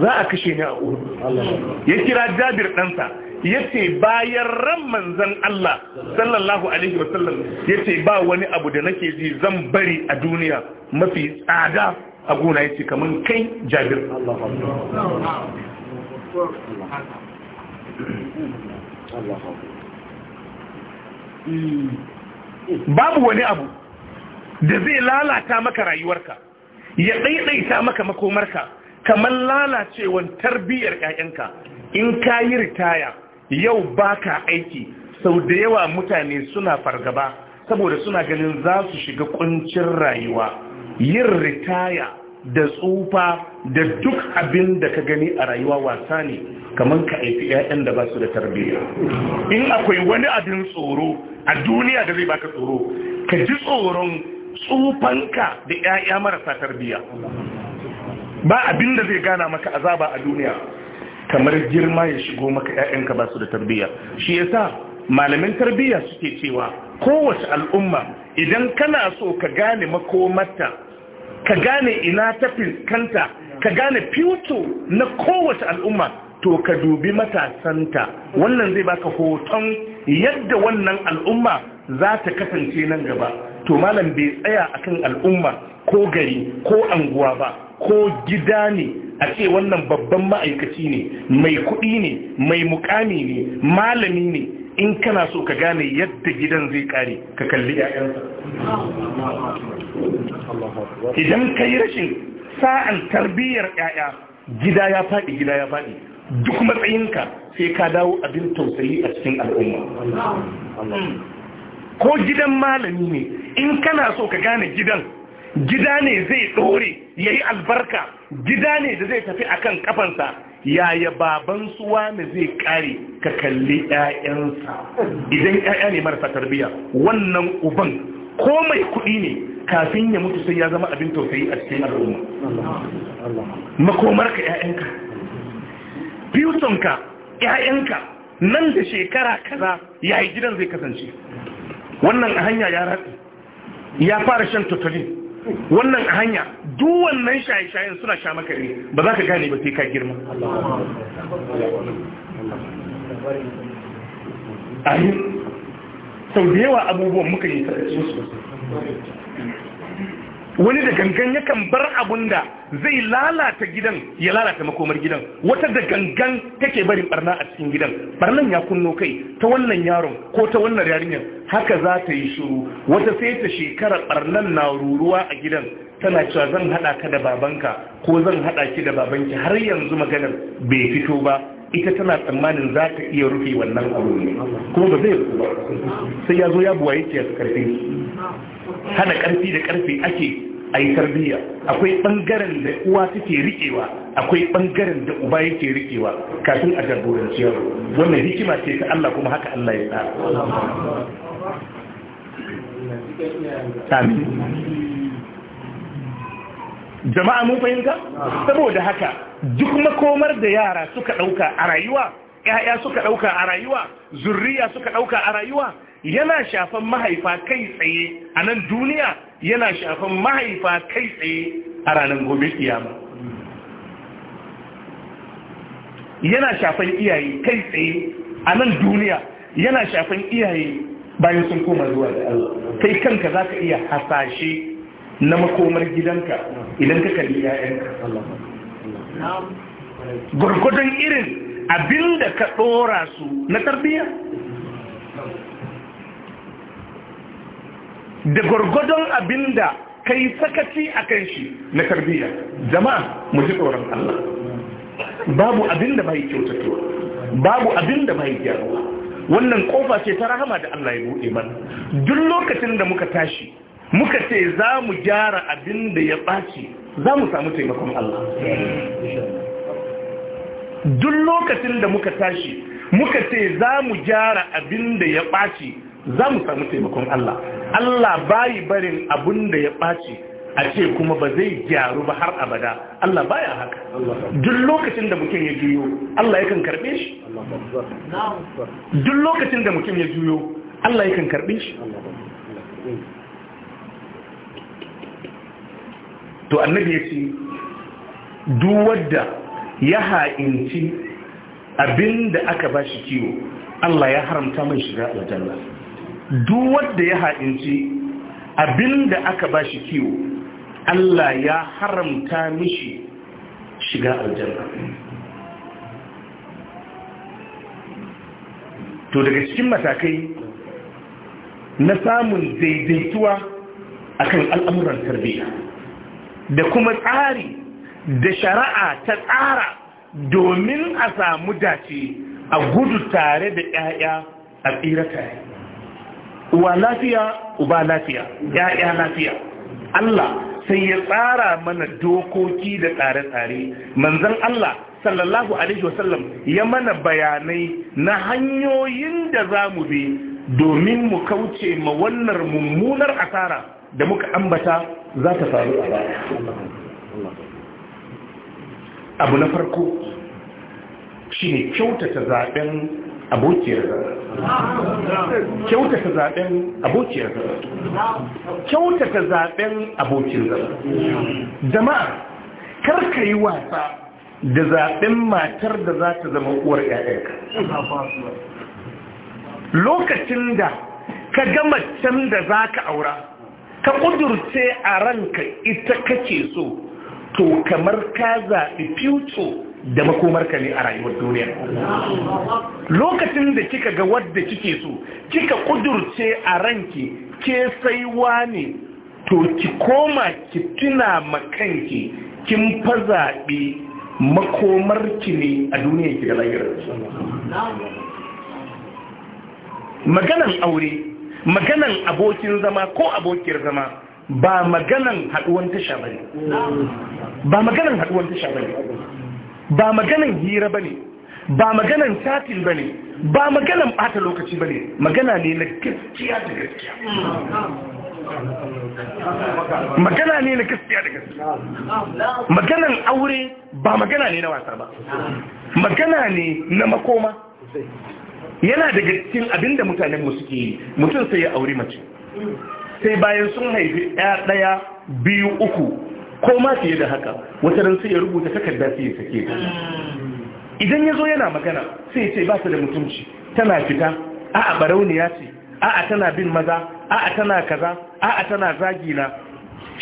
za a kashe ni a uhudu ya kira jabir ɗansa yace bayan ran manzon Allah sallallahu alaihi wa sallam yace ba wani abu da nake ji zan bari a duniya mafi tsada a gona yace kaman kai Jabir babu wani abu da zai lalata maka rayuwarka ya daidaita maka makomarka kamar lalacewan tarbiyyar 'ya'yanka in ka yi ritaya yau baka aiki sau da yawa mutane suna fargaba saboda suna ganin za su shiga kuncin rayuwa yin ritaya da tsufa da duk abin da ka gani a rayuwa wasa ne kamar ka aiki 'ya'yan da ba su da tarbiyya in akwai wani abin tsoro a duniya da zai baka tsoro ka ji tsoron tsufanka da 'ya'ya marasa tarbiyya ba abin da zai gana maka azaba a duniya kamar girma ya shigo maka ‘ya'yanka ba su da tarbiyya shi yasa malamin tarbiyya suke cewa kowace al'umma idan kana so ka gane makomarta ka gane ina ta fiskanta ka gane fito na kowace al'umma to ka dubi matasanta wannan zai baka hoton yadda wannan al'umma za ta kasance nan gaba to malam bai tsaya akan al'umma ko gari ko anguwa ba ko gida ne a ce wannan babban ma'aikaci ne mai kuɗi ne mai mukami ne malami ne in kana so ka gane yadda gidan zai kare ka kalli 'ya'yansa idan ka yi rashin sa'an tarbiyyar 'ya'ya gida ya faɗi gida ya faɗi duk matsayinka sai ka dawo abin tausayi a cikin al'umma ko gidan malami ne in kana so ka gane gidan gida ne zai ɗore ya yi albarka gida ne da zai tafi a kan ƙafansa, yaya baban suwa ne zai kare ka kalli 'ya'yansa idan 'ya'ya ne marasa tarbiyya wannan uban ko mai kuɗi ne kafin ya mutu sai ya zama abin tausayi a cikin al'umma makomar 'ya'yanka biyutonka 'ya'yanka nan da shekara kaza yayi gidan zai kasance wannan a hanya ya ya fara shan totalin wannan a hanya duk wannan shaye-shayen suna sha maka ne ba za ka gane ba sai ka girma ayin sau da yawa abubuwan muka yi ta su wani da gangan yakan bar abun da zai lalata gidan ya lalata makomar gidan wata da gangan take barin barna a cikin gidan barnan ya kunno kai ta wannan yaron ko ta wannan yarinyar haka za ta yi shiru wata sai ta shekara barnan na ruruwa a gidan tana cewa zan hada ka da babanka ko zan hada ki da babanki har yanzu maganar bai fito ba ita tana tsammanin za ta iya rufe wannan abu ne kuma ba zai rufe ba sai ya zo ya buwaye ki a karfe hada karfi da karfe ake a yi tarbiyya akwai ɓangaren da uwa take riƙewa akwai bangaren da uba yake riƙewa kafin a jagoranci yaro wannan hikima ce ta Allah kuma haka Allah ya tsara amin jama'a mun fahimta saboda haka duk makomar da yara suka ɗauka a rayuwa ‘ya'ya suka ɗauka a rayuwa, zurriya suka ɗauka a rayuwa, yana shafan mahaifa kai tsaye a nan duniya yana shafan mahaifa kai tsaye a ranar gobe kiyama yana shafan iyaye kai tsaye a nan duniya yana shafan iyaye bayan sun koma zuwa da Allah kai kanka za ka iya hasashe na makomar gidanka idan ka kalli 'ya'yanka gurgudun irin abinda ka ɗora su na tarbiyya da gwargwadon abin da ka yi sakaci a kan shi na tarbiyya jama'a mu ji tsoron Allah babu abin da bai kyautatuwa babu abin da bai gyaruwa wannan kofa ce ta rahama da Allah ya buɗe mana duk lokacin da muka tashi muka ce za mu gyara abin da ya ɓaci za mu samu taimakon Allah duk lokacin da muka tashi muka ce za mu gyara abin da ya ɓaci za mu samu taimakon Allah Allah bayi barin abun da ya ɓaci a ce kuma ba zai gyaru ba har abada Allah baya haka duk lokacin da mutum ya juyo Allah yakan karɓe shi duk lokacin da mutum ya juyo Allah yakan karɓe shi to annabi ya ce duk ya ha'inci abinda aka ba shi kiwo Allah ya haramta mai shiga aljanna duk wanda ya ha'inci abinda aka ba shi kiwo Allah ya haramta mishi shiga aljanna to daga cikin matakai na samun daidaituwa akan al'amuran tarbiyya da kuma tsari da shari'a ta tsara domin a samu dace a gudu tare da 'ya'ya a tsira tare uwa lafiya uba lafiya ya'ya lafiya Allah sai ya tsara mana dokoki da tsare-tsare manzan Allah sallallahu alaihi wasallam ya mana bayanai na hanyoyin da za mu bi domin mu kauce ma wannan mummunar asara da muka ambata za ta faru a baya abu na farko shi ne kyautata zaben abokiyar kyautata zaben abokiyar kyautata zaben abokin zama jama'a karka yi wasa da zaben matar da za ta zama uwar ƴaƴanka lokacin da ka gama can da za ka aura ka ƙudurce a ranka ita kake so to kamar ka zaɓi fito da makomarka ne a rayuwar duniya lokacin da kika ga wadda kike so kika kudurce a ranki ke saiwa ne to ki koma ki tuna makanki kin fazaɓe makomarki ne a duniya ki da lagirar maganan aure maganan abokin zama ko abokin zama ba maganan haɗuwan tasha bane ba maganan haɗuwan tasha bane ba maganan hira bane ba maganan satin ba ne ba maganan ɓata lokaci ba ne magana ne na gaskiya da gaskiya magana ne na gaskiya da gaskiya maganan aure ba magana ne na wasa ba magana ne na makoma yana daga cikin abinda mutanen mu suke yi mutum sai ya aure mace sai bayan sun haifi ɗaya ɗaya biyu uku ko ma fiye da haka wata ran sai ya rubuta takarda sai ya sake ta idan ya zo yana magana sai ya ce ba ta da mutunci tana fita a'a barauniya ce a'a tana bin maza a'a tana kaza a'a tana zagina.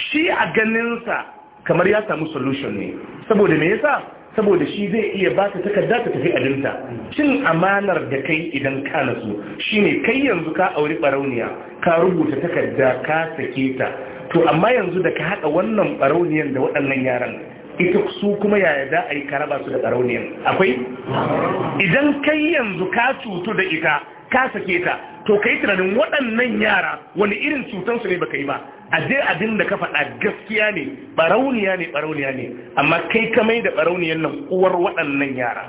shi a ganinsa kamar ya samu solution ne saboda me yasa saboda shi zai iya ba ta takarda ta tafi abinta cin amanar da kai idan ka nasu ne kai yanzu ka auri barauniya ka rubuta takarda ka sake ta to amma yanzu da ka haɗa wannan barauniyan da waɗannan yaran ita su kuma yaya za a yi karaba su da ƙarauniyar akwai idan kai yanzu ka cutu da ita ka sake ta to kai tunanin waɗannan yara wani irin su ne baka yi ba a je abin da ka faɗa gaskiya ne barauniya ne barauniya ne amma kai ka mai da barauniyar nan uwar waɗannan yara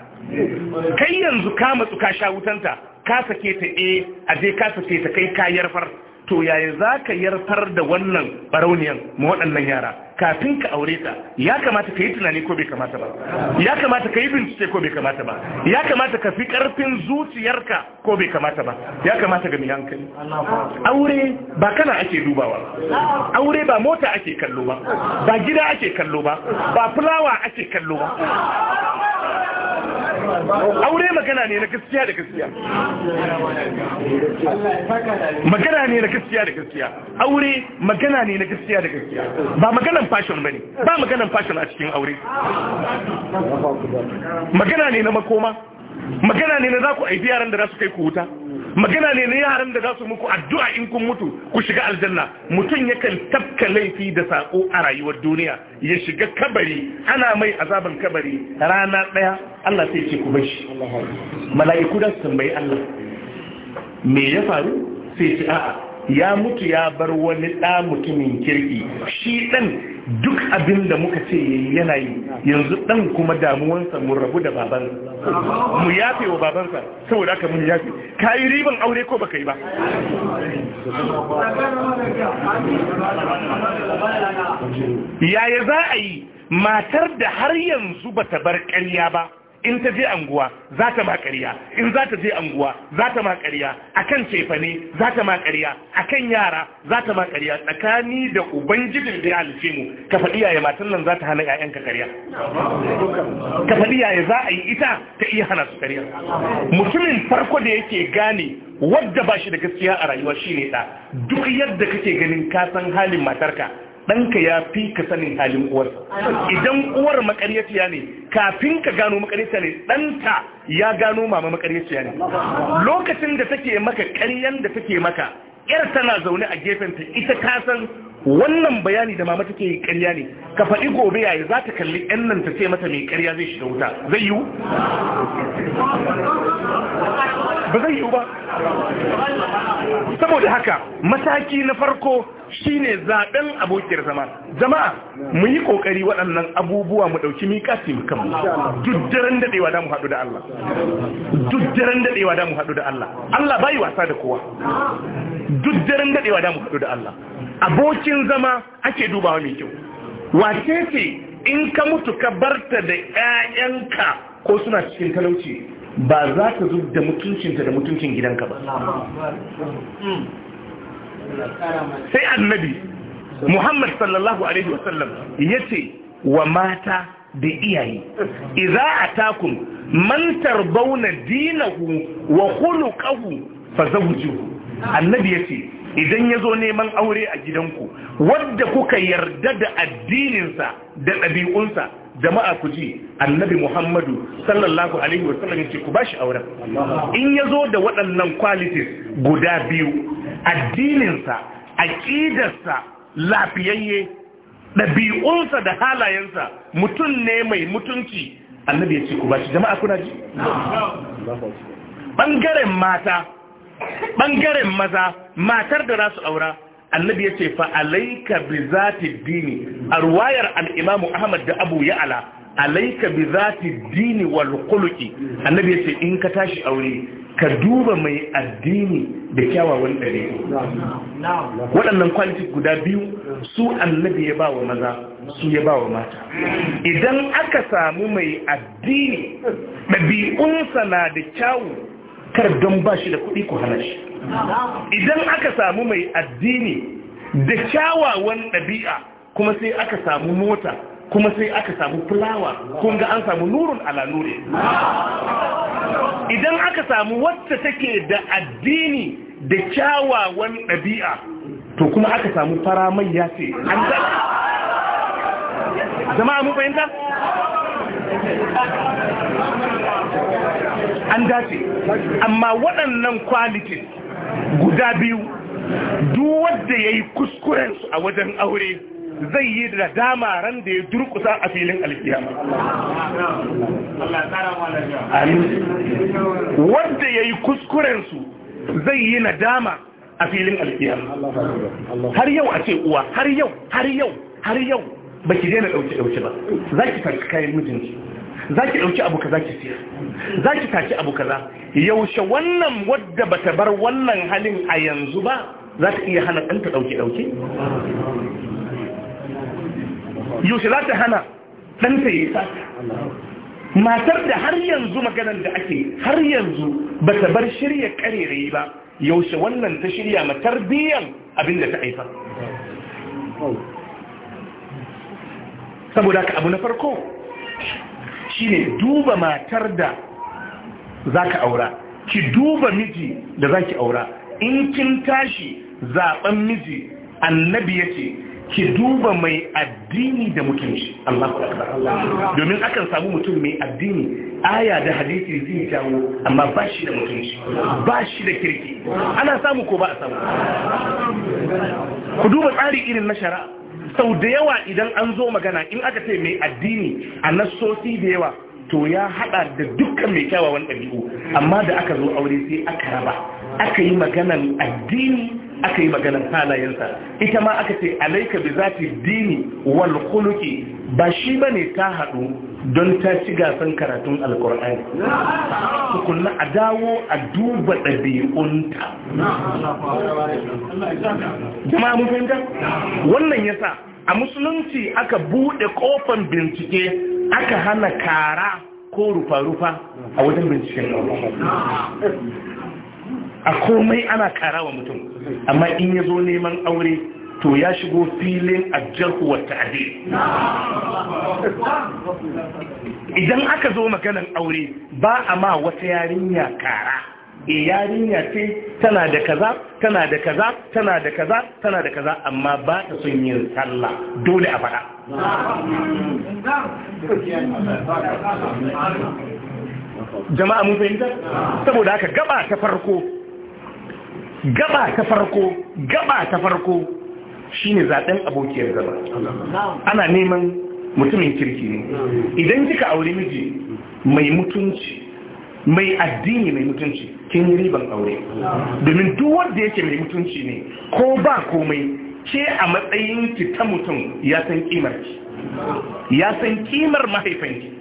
kai yanzu ka matsu ka sha wutanta ka sake ta eh a je ka sake ta kai ka yarfar to yaya za ka yarfar da wannan barauniyan mu waɗannan yara kafin ka aure ta ya kamata ka yi tunani ko bai kamata ba ya kamata ka yi bincike ko bai kamata ba ya kamata ka fi karfin zuciyarka ko bai kamata ba ya kamata ga mai hankali aure ba kana ake dubawa aure ba mota ake kallo ba ba gida ake kallo ba ba fulawa ake kallo ba aure magana ne na gaskiya da gaskiya magana ne na gaskiya da gaskiya aure magana ne na gaskiya da gaskiya ba maganan fashion bane ba maganan fashion a cikin aure magana ne na makoma magana ne na za ku aifi yaran da za su kai ku wuta magana ne na yaran da za su muku addu'a in kun mutu ku shiga aljanna mutum yakan tabka laifi da sako a rayuwar duniya ya shiga kabari ana mai azaban kabari rana ɗaya Allah sai ce ku bai shi mala'iku da su tambayi Allah me ya faru sai ce a'a ya mutu ya bar wani ɗa mutumin kirki shi ɗan duk abin da muka ce yana yi yanzu ɗan kuma damuwansa mun rabu da baban mu yafe wa babansa saboda aka mun yafe ka yi riban aure ko baka yi ba yaya za a yi matar da har yanzu bata bar ƙarya ba in ta je anguwa za ta makariya in za ta je anguwa za ta makariya A kan cefane za ta makariya kan yara za ta makariya tsakani da ubangijin da ya halice mu ka faɗi yaya matan nan za ta hana 'ya'yanka kariya ka faɗi yaya za a yi ita ta iya hana su kariya mutumin farko da yake gane wadda ba shi da gaskiya a rayuwa shine ɗa duk yadda kake ganin ka san halin matarka ɗanka ya fi ka sanin halin uwar idan uwar makaryaciya ne kafin ka gano makaryaciya ne ɗanta ya gano mama makaryaciya ne lokacin da take maka ƙaryan da take maka yar tana zaune a gefenta ita ta san wannan bayani da mama take ƙarya ne ka faɗi gobe yayi za ta kalli ƴan nan ta ce mata mai ƙarya zai shiga wuta zai yiwu ba zai yi ba saboda haka mataki na farko shine zaben abokiyar zama jama'a mu yi kokari waɗannan abubuwa mu ɗauki mikati mu kan duk da mu haɗu da Allah da mu haɗu da Allah Allah bai wasa da kowa duk daren da mu haɗu da Allah abokin zama ake dubawa mai kyau wace ce in ka mutu ka barta da ƴaƴanka ko suna cikin talauci ba za ka zub da mutuncinta da mutuncin gidanka ba sai annabi muhammad sallallahu alaihi wasallam ya ce wa mata da iyaye iza a takun mantar bauna dinahu wa fa annabi ya idan ya zo neman aure a gidanku wadda kuka yarda da addininsa da ɗabi'unsa jama'a ku ji annabi muhammadu sallallahu alaihi wasallam ya ce ku bashi auren in ya zo da waɗannan qualities guda biyu addininsa aƙidarsa lafiyayye ɗabi'unsa da halayensa mutum ne mai mutunci annabi ya ce ku bashi jama'a kuna ji ɓangaren mata ɓangaren maza matar da za su aura annabi ya ce fa alaika bi zati dini a ruwayar al'imamu ahmad da abu ya'ala alaika bi zati dini wal khuluqi annabi ya ce in ka tashi aure ka duba mai addini da kyawawan dare waɗannan kwanci guda biyu su annabi ya ba wa maza su ya ba wa mata idan aka samu mai addini ɗabi'unsa na da kyawu kar don ba shi da kuɗi ku hana shi idan aka samu mai addini da kyawawan ɗabi'a kuma sai aka samu mota kuma sai aka samu fulawa kun ga an samu nurun ala nure idan aka samu wacce take da addini da kyawawan ɗabi'a to kuma aka samu fara mai yafe an zama mu fahimta an dace amma waɗannan kwalitin guda biyu duk wadda ya yi kuskurensu a wajen aure zai yi da dama ran da ya durkusa a filin alkiyama Wadda ya yi kuskurensu zai yi na dama a filin alkiyama har yau a ce uwa har yau har yau har yau ba ki daina ɗauke ɗauke ba za ki farki kayan mijinki za ki ɗauki abu kaza ki siya za ki tashi abu kaza yaushe wannan wadda bata bar wannan halin a yanzu ba za ta iya hana ɗanta ɗauke ɗauke yaushe za ta hana ɗanta ya yi sata matar da har yanzu maganar da ake har yanzu bata bar shirya ƙarerayi ba yaushe wannan ta shirya ma tarbiyyan abin da ta aifa saboda ka abu na farko Shi ne duba matar da za ka aura ki duba miji da za ki aura in kin tashi zaben miji annabi ya ce ki duba mai addini da mutunci ku akbar domin akan samu mutum mai addini aya da hadisi zai jawo amma ba shi da mutunci ba shi da kirki ana samu ko ba a samu ku duba tsari irin na shari'a sau da yawa idan an zo magana in aka ce mai addini a nassosi da yawa to ya hada da dukkan mai kyawawan ɗabi'u amma da aka zo aure sai aka raba aka yi maganan addini aka yi maganan halayensa ita ma aka ce alaika bi zati dini wal khuluqi ba shi ba ne ta haɗu don ta ci gasan karatun alqur'ani tukunna a dawo a duba ɗabi'unta. kuma mun fahimta wannan yasa a musulunci aka buɗe ƙofan bincike aka hana kara ko rufa-rufa a wajen binciken a komai ana kara wa mutum amma in ya zo neman aure to ya shigo filin a wa ta'adil idan aka zo maganan aure ba a ma wata yarinya kara e yarinya ce tana da kaza tana da kaza tana da kaza tana da kaza amma ba ta son yin sallah dole a faɗa jama'a mun fahimta saboda haka gaba ta farko gaba ta farko gaba ta farko shine zaben abokiyar gaba ana neman mutumin kirki ne idan kika aure miji mai mutunci mai addini mai mutunci kin yi riban aure domin duk wanda yake mai mutunci ne ko ba komai ce a matsayin ki ta mutum ya san kimar ki ya san kimar mahaifanki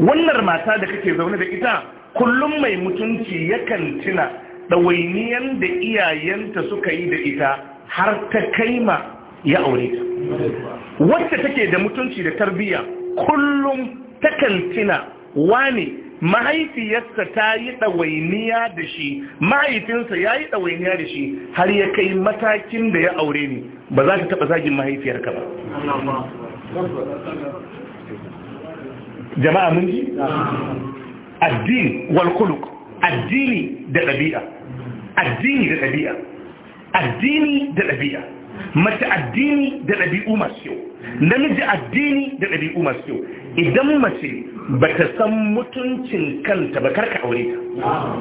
wannan mata da kake zaune da ita kullum mai mutunci yakan tuna ɗawainiyar da iyayenta suka yi da ita har ta kaima ya aure ta wacce take da mutunci da tarbiyya kullum takan tuna wane mahaifiyarsa ta yi ɗawainiya da shi mahaifinsa ya yi ɗawainiya da shi har ya kai matakin da ya aure ni ba za ta taɓa zagin mahaifiyarka ba jama'a mun ji addin wal khuluq addini da ɗabi'a addini da ɗabi'a addini da ɗabi'a mace addini da ɗabi'u masu yau namiji addini da ɗabi'u masu yau, idan mace ba ta san mutuncin kanta ba karka aure ta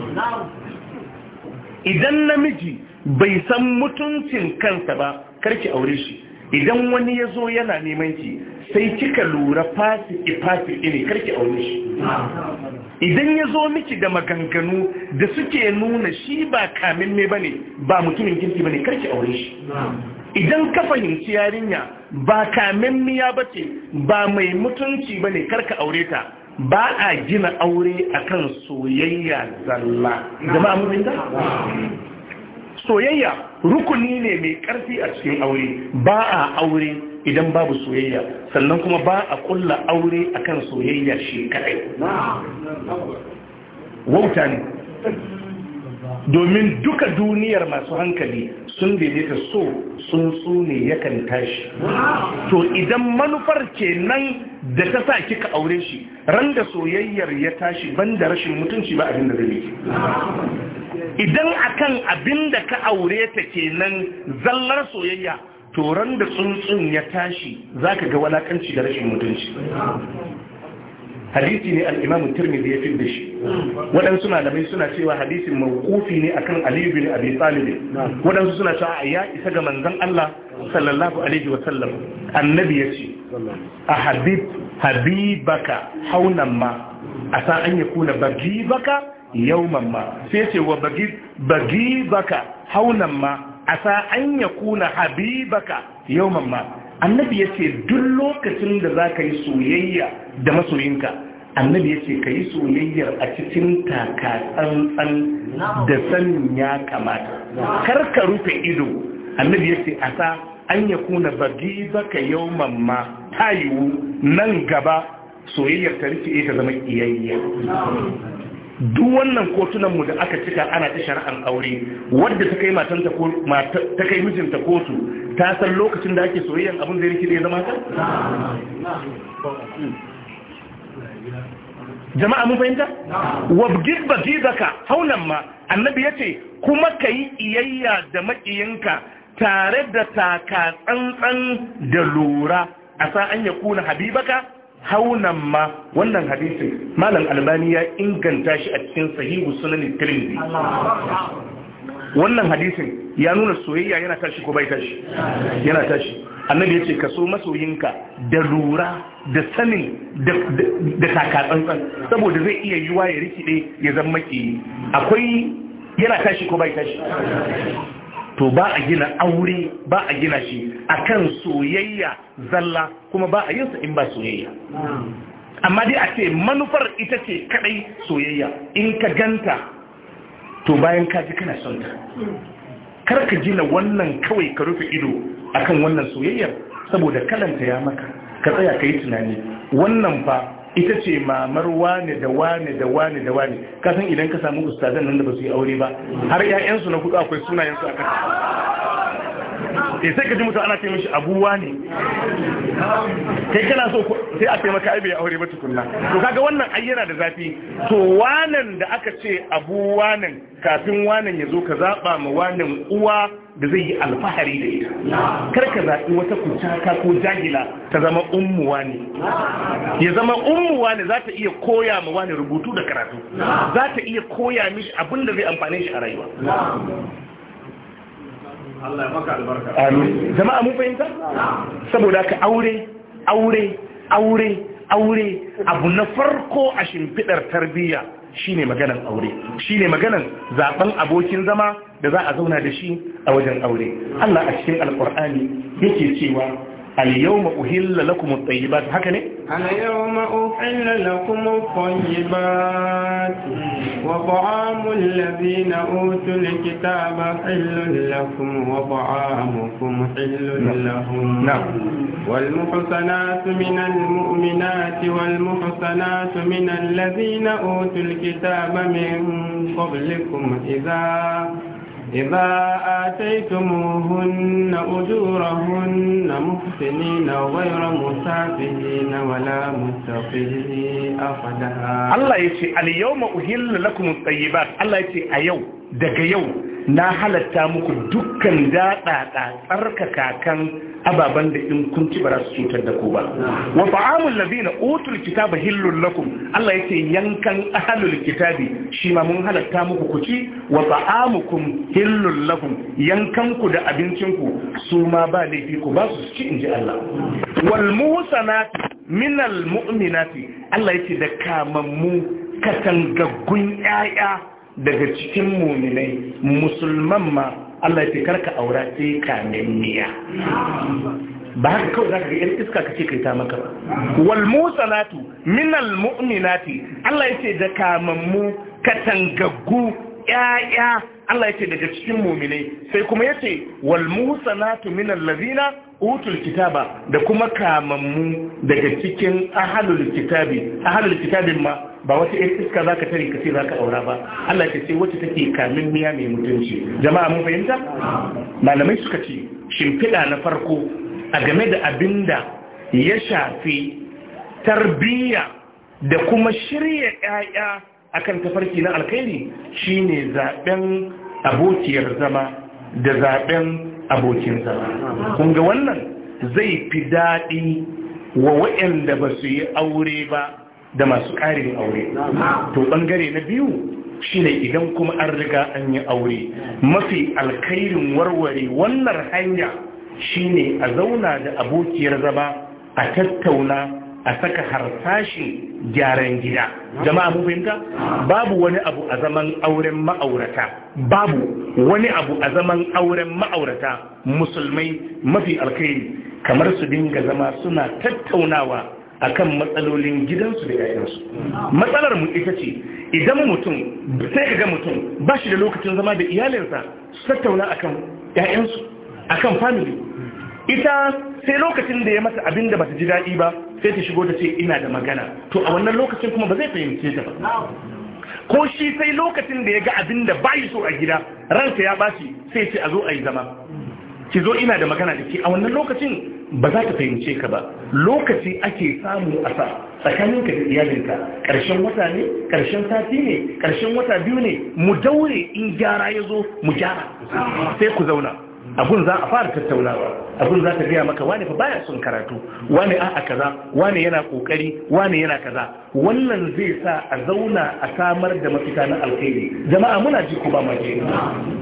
idan namiji bai san mutuncin kanta ba karki aure shi idan wani ya zo yana neman ki sai kika lura fasiki fasiki ne karki aure shi idan ya zo miki da maganganu da suke nuna shi ba kamin ne bane ba mutumin kirki bane karki aure shi idan ka fahimci yarinya ba kamin miya bace ba mai mutunci bane karka aure ta ba a gina aure akan soyayya zalla jama'a mun soyayya rukuni ne mai ƙarfi a cikin aure ba a aure idan babu soyayya sannan kuma ba a kulla aure akan soyayya shi kadai wauta ne domin duka duniyar masu hankali sun daidaita so sun tsune yakan tashi to idan manufar ke nan da ta sa kika aure shi ran da soyayyar ya tashi ban da rashin mutunci ba abin da zai idan akan abin da ka aure ta nan zallar soyayya to ran da tsuntsun ya tashi za ka ga walakanci da rashin mutunci hadisi ne al'imamu turmizi ya fidda shi waɗansu malamai suna cewa hadisin mawukufi ne akan aliyu bin abi talibin waɗansu suna cewa ya isa ga manzan Allah sallallahu alaihi wa sallam annabi ya ce a habib habibaka haunan ma a sa an ya kuna bagibaka yauman ma sai ce wa bagibaka haunan ma a sa an ya kuna habibaka yauman ma annabi ya ce duk lokacin da za ka yi soyayya da masoyinka annabi ya ce ka yi soyayyar a cikin taka tsantsan da sanin ya kamata kar ka rufe ido annabi ya ce a sa an ya kuna bagi baka yau mamma ta yiwu nan gaba soyayyar ta rufe ita zama iyayya duk wannan kotunanmu da aka cika ana ta shari'ar aure wadda ta kai ta kai mijinta kotu ta san lokacin da ake soyayyar abin zai rikide zama ta jama'a mun fahimta wabgid bagidaka haulan ma annabi yace kuma ka yi iyayya da makiyinka tare da taka tsantsan da lura a sa an ya kuna habibaka haunan ma wannan hadisin malam albani ya inganta shi a cikin sahihu sunan tirmidhi wannan hadisin ya nuna soyayya yana tashi ko bai tashi yana tashi annabi ya ce ka so masoyinka da lura da sanin da takatsantsan saboda zai iya yiwa ya rikide ya zama ke akwai yana tashi ko bai tashi to ba a gina aure ba a gina shi akan soyayya zalla kuma ba a yinsa in ba soyayya amma dai a ce manufar ita ce kadai soyayya in ka ganta to bayan kaji kana son ta kar ka gina wannan kawai ka rufe ido akan wannan soyayyar saboda kalanta ya maka ka tsaya ka yi tunani wannan fa ita ce mamar wane da wane da wane da wane kasan idan ka samu ustazan nan da ba su yi aure ba har 'ya'yansu na kudu akwai sunayensu a kasa e eh, sai ka ji mutum ana ce mishi abuwa kai kana so sai a taimaka ai ya aure ba tukunna to kaga wannan ayyana da zafi to wanan da aka ce abuwa nan kafin wanan ya zo ka zaba ma wanan uwa da zai yi alfahari da ita karka zaɓi wata kucaka ko jagila. ta zama ummuwa ne ya zama ummuwa ne za ta iya koya ma wani rubutu da karatu za ta iya koya mishi abin da zai amfane shi a rayuwa Allah ya maka albarka amin jama'a mun fahimta saboda ka aure aure aure aure abu na farko a shimfidar tarbiyya shine maganan aure shine maganan zaɓen abokin zama da za a zauna da shi a wajen aure Allah a cikin alkur'ani yake cewa اليوم أهل لكم الطيبات هكذا اليوم أهل لكم الطيبات وطعام الذين أوتوا الكتاب حل لكم وطعامكم حل لهم نعم والمحصنات من المؤمنات والمحصنات من الذين أوتوا الكتاب من قبلكم إذا إذا آتيتموهن أجورهن محسنين غير مسافهين ولا مستقلين أخذها الله يتي اليوم أهل لكم الطيبات الله يتي أيو دق يوم na halatta muku dukkan daɗaɗa tsarkaka kan ababen da in kun ci ba su cutar da ku ba wa fa'amul ladina utul kitaba hillun lakum Allah yake yankan ahlul kitabi shi ma mun halatta muku ku ci wa fa'amukum hillun lakum yankan ku da abincin ku su ma ba laifi ku ba su ci ji Allah wal minal mu'minati Allah yake da kamammu katangaggun 'ya'ya daga cikin muminai musulman ma Allah ya karka aura sai kamenniya ba haka kawai za ka ga yan iska ka ce kai ta maka ba wal musalatu al mu'minati Allah ya ce da kamammu katangaggu ya'ya Allah ya ce daga cikin muminai sai kuma ya ce wal musalatu minal ladina utul kitaba da kuma kamammu daga cikin ahalul kitabi ahalul kitabin ma ba wata yan iska za ka tare ka ce za ka aura ba Allah ke ce wacce take kamin miya mai mutunci jama'a mun fahimta malamai suka ce shimfiɗa na farko a game da abin da ya shafi tarbiyya da kuma shirya 'ya'ya akan tafarki na alkhairi shine zaɓen abokiyar zama da zaɓen abokin zama kun wannan zai fi daɗi wa waɗanda ba su yi aure ba da masu ƙarin aure to ɓangare na biyu shine idan kuma an riga an yi aure mafi alkairin warware wannan hanya shine a zauna da abokiyar zama a tattauna a saka harsashin gyaran gida jama'a mu fahimta babu wani abu a zaman auren ma'aurata babu wani abu a zaman auren ma'aurata musulmai mafi alkhairi kamar su dinga zama suna tattaunawa akan matsalolin gidansu da yayansu matsalar mu ita ce idan mutum sai ga mutum ba shi da lokacin zama da iyalinsa su tattauna akan yayansu akan family ita sai lokacin da ya masa abin da bata ji daɗi ba sai ta shigo ta ce ina da magana to a wannan lokacin kuma ba zai fahimce ta ba ko shi sai lokacin da ya ga abin da ba so a gida ransa ya ɓaci sai ce a zo a yi zama ki zo ina da magana da ke a wannan lokacin ba za ta fahimce ka ba lokaci ake samu a sa tsakaninka da iyalinka ƙarshen wata ne ƙarshen sati ne ƙarshen wata biyu ne mu daure in gyara ya zo mu gyara sai ku zauna abun za a fara tattaunawa abun za ta gaya maka wane fa baya son karatu wane a'a kaza wane yana kokari wane yana kaza wannan zai sa a zauna a samar da mafita na alkhairi jama'a muna ji ku ba mu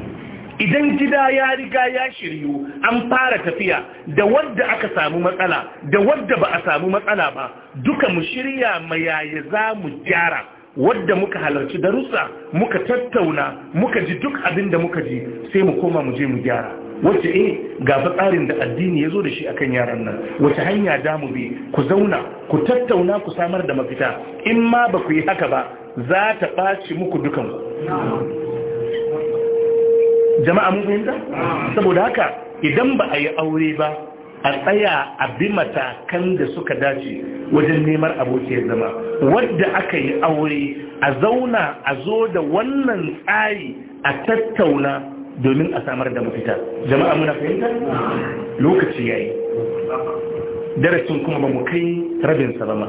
idan gida ya riga ya shiryu an fara tafiya da wadda aka samu matsala da wadda ba a samu matsala ba duka mu shirya mayaye za mu gyara wadda muka halarci darussa muka tattauna muka ji duk abin da muka ji sai mu koma mu je mu gyara wacce eh ga tsarin da addini ya zo da shi akan yaran nan Wacce hanya damu bi ku zauna ku tattauna ku samar da mafita in ma ba ku yi haka ba za ta ɓaci muku dukanku jama'a mun fahimta saboda haka idan ba a yi aure ba a tsaya a bi matakan da suka dace wajen neman abokiyar zama wadda aka yi aure a zauna a zo da wannan tsari a tattauna domin a samar da mafita jama'a muna fahimta lokaci yayi darasin kuma ba mu kai rabinsa ba ma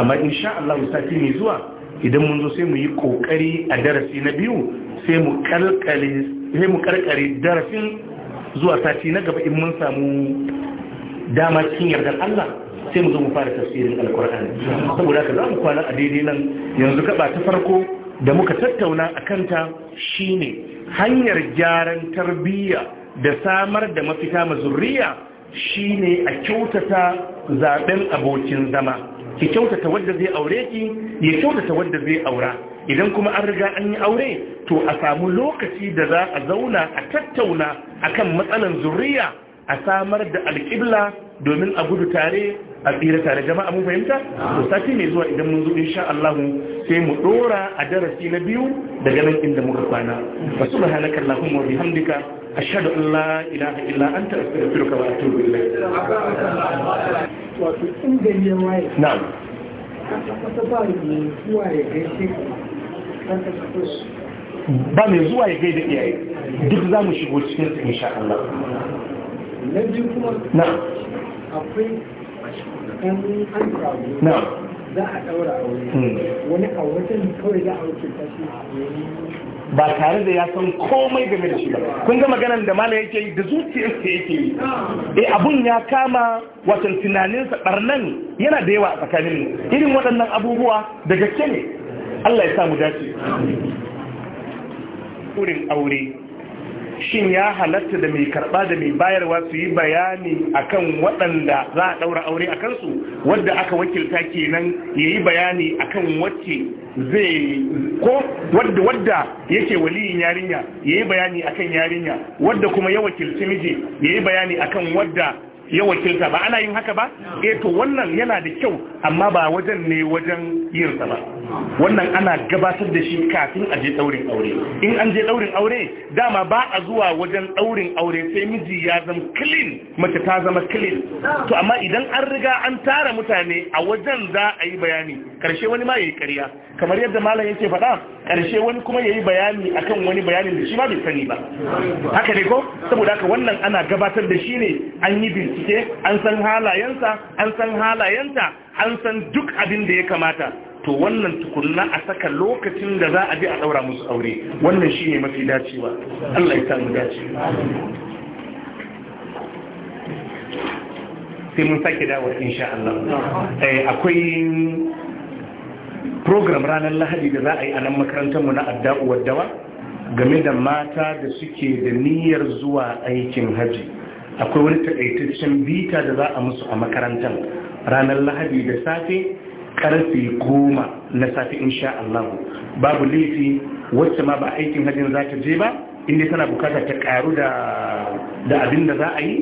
amma insha Allah sati mai zuwa idan mun zo sai mu yi kokari a darasi na biyu sai mu karkare darasin zuwa sati na gaba in mun samu dama cikin yardar Allah sai mu zo mu fara tafsirin alkur'ani saboda ka za mu kwana a daidai nan yanzu gaba ta farko da muka tattauna a kanta shine hanyar gyaran tarbiyya da samar da mafita mazurriya shine a kyautata zaben abokin zama ki kyautata wanda zai aure ki ya kyautata wanda zai aura idan kuma an riga an yi aure to a samu lokaci da za a zauna a tattauna akan matsalan zuriya a samar da alƙibla domin a gudu tare a tsira tare jama'a mun fahimta to sati mai zuwa idan mun zo insha Allah sai mu dora a darasi na biyu daga nan inda muka kwana wa subhanaka allahumma wa bihamdika أشهد an لا إله إلا أنت أستغفرك وأتوب إليك. نعم. ba mai zuwa ya gaida iyaye duk za mu shigo cikin su insha Allah na kuma na akwai ɗan an na ɗaura wani a wajen kawai za a wuce tashi ba tare da ya san komai game da shi ba kun ga maganan da mala yake yi da zuciyarsa yake yi eh abun ya kama watan tunaninsa barnan yana da yawa a tsakanin irin waɗannan abubuwa da gaske ne Allah ya sa mu dace wurin aure shin ya halatta da mai karɓa da mai bayarwa su yi bayani akan waɗanda za a ɗaura aure a kansu wadda aka wakilta kenan ya yi bayani akan wacce zai ko wadda wadda yake waliyin yarinya ya yi bayani akan yarinya wadda kuma ya wakilci miji ya yi bayani akan wadda ya wakilta ba ana yin haka ba eh to wannan yana da kyau amma ba wajen ne wajen yin ba wannan ana gabatar da shi kafin a je daurin aure in an je daurin aure dama ba a zuwa wajen daurin aure sai miji ya zama clean mace ta zama clean to amma idan an riga an tara mutane a wajen za a yi bayani karshe wani ma yayi ƙarya kamar yadda malam yake faɗa karshe wani kuma yayi bayani akan wani bayanin da shi ba bai sani ba haka ne ko saboda haka wannan ana gabatar da shi ne an yi bincike ce an san halayensa an san halayenta an san duk abin da ya kamata to wannan tukunna a saka lokacin da za a bi a daura musu aure wannan shine mafi dacewa Allah ya samu dace sai mun sake dawo insha Allah eh, akwai program ranar lahadi da za a yi a nan makarantar mu na adda'uwar dawa game da mata da suke da niyyar zuwa aikin haji akwai wani takaitaccen bita da za a musu a makarantar ranar lahadi da safe karfe goma na safe insha Allah babu laifi wacce ma ba aikin hajjin za ta je ba inda tana bukata ta karu da abin da za a yi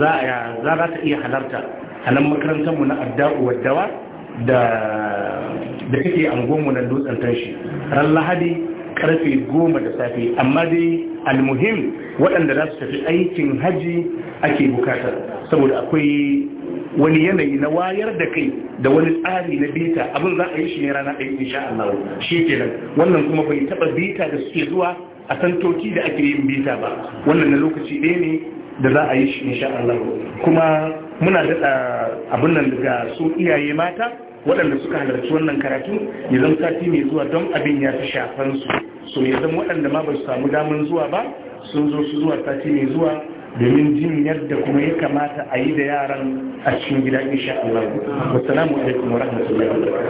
za za ta iya halarta a nan mu na adda'u waddawa da take angonmu na dutsen tashi ran lahadi karfe goma da safe amma dai almuhim waɗanda za su tafi aikin haji ake bukata saboda akwai wani yanayi na wayar da kai da wani tsari na bita abin za a yi shi ne rana ɗaya insha Allah shi kenan wannan kuma bai taɓa bita da suke zuwa a santoci da ake yin bita ba wannan na lokaci ɗaya ne da za a yi shi insha Allah kuma muna daɗa abin nan daga su iyaye mata waɗanda suka halarci wannan karatu ya zama sati mai zuwa don abin ya fi shafansu so ya zama waɗanda ma ba su samu damar zuwa ba sun zo su zuwa sati mai zuwa domin jin yadda kuma ya kamata a yi da yaran a cikin gida insha Allah. Wassalamu alaikum wa rahmatullahi wa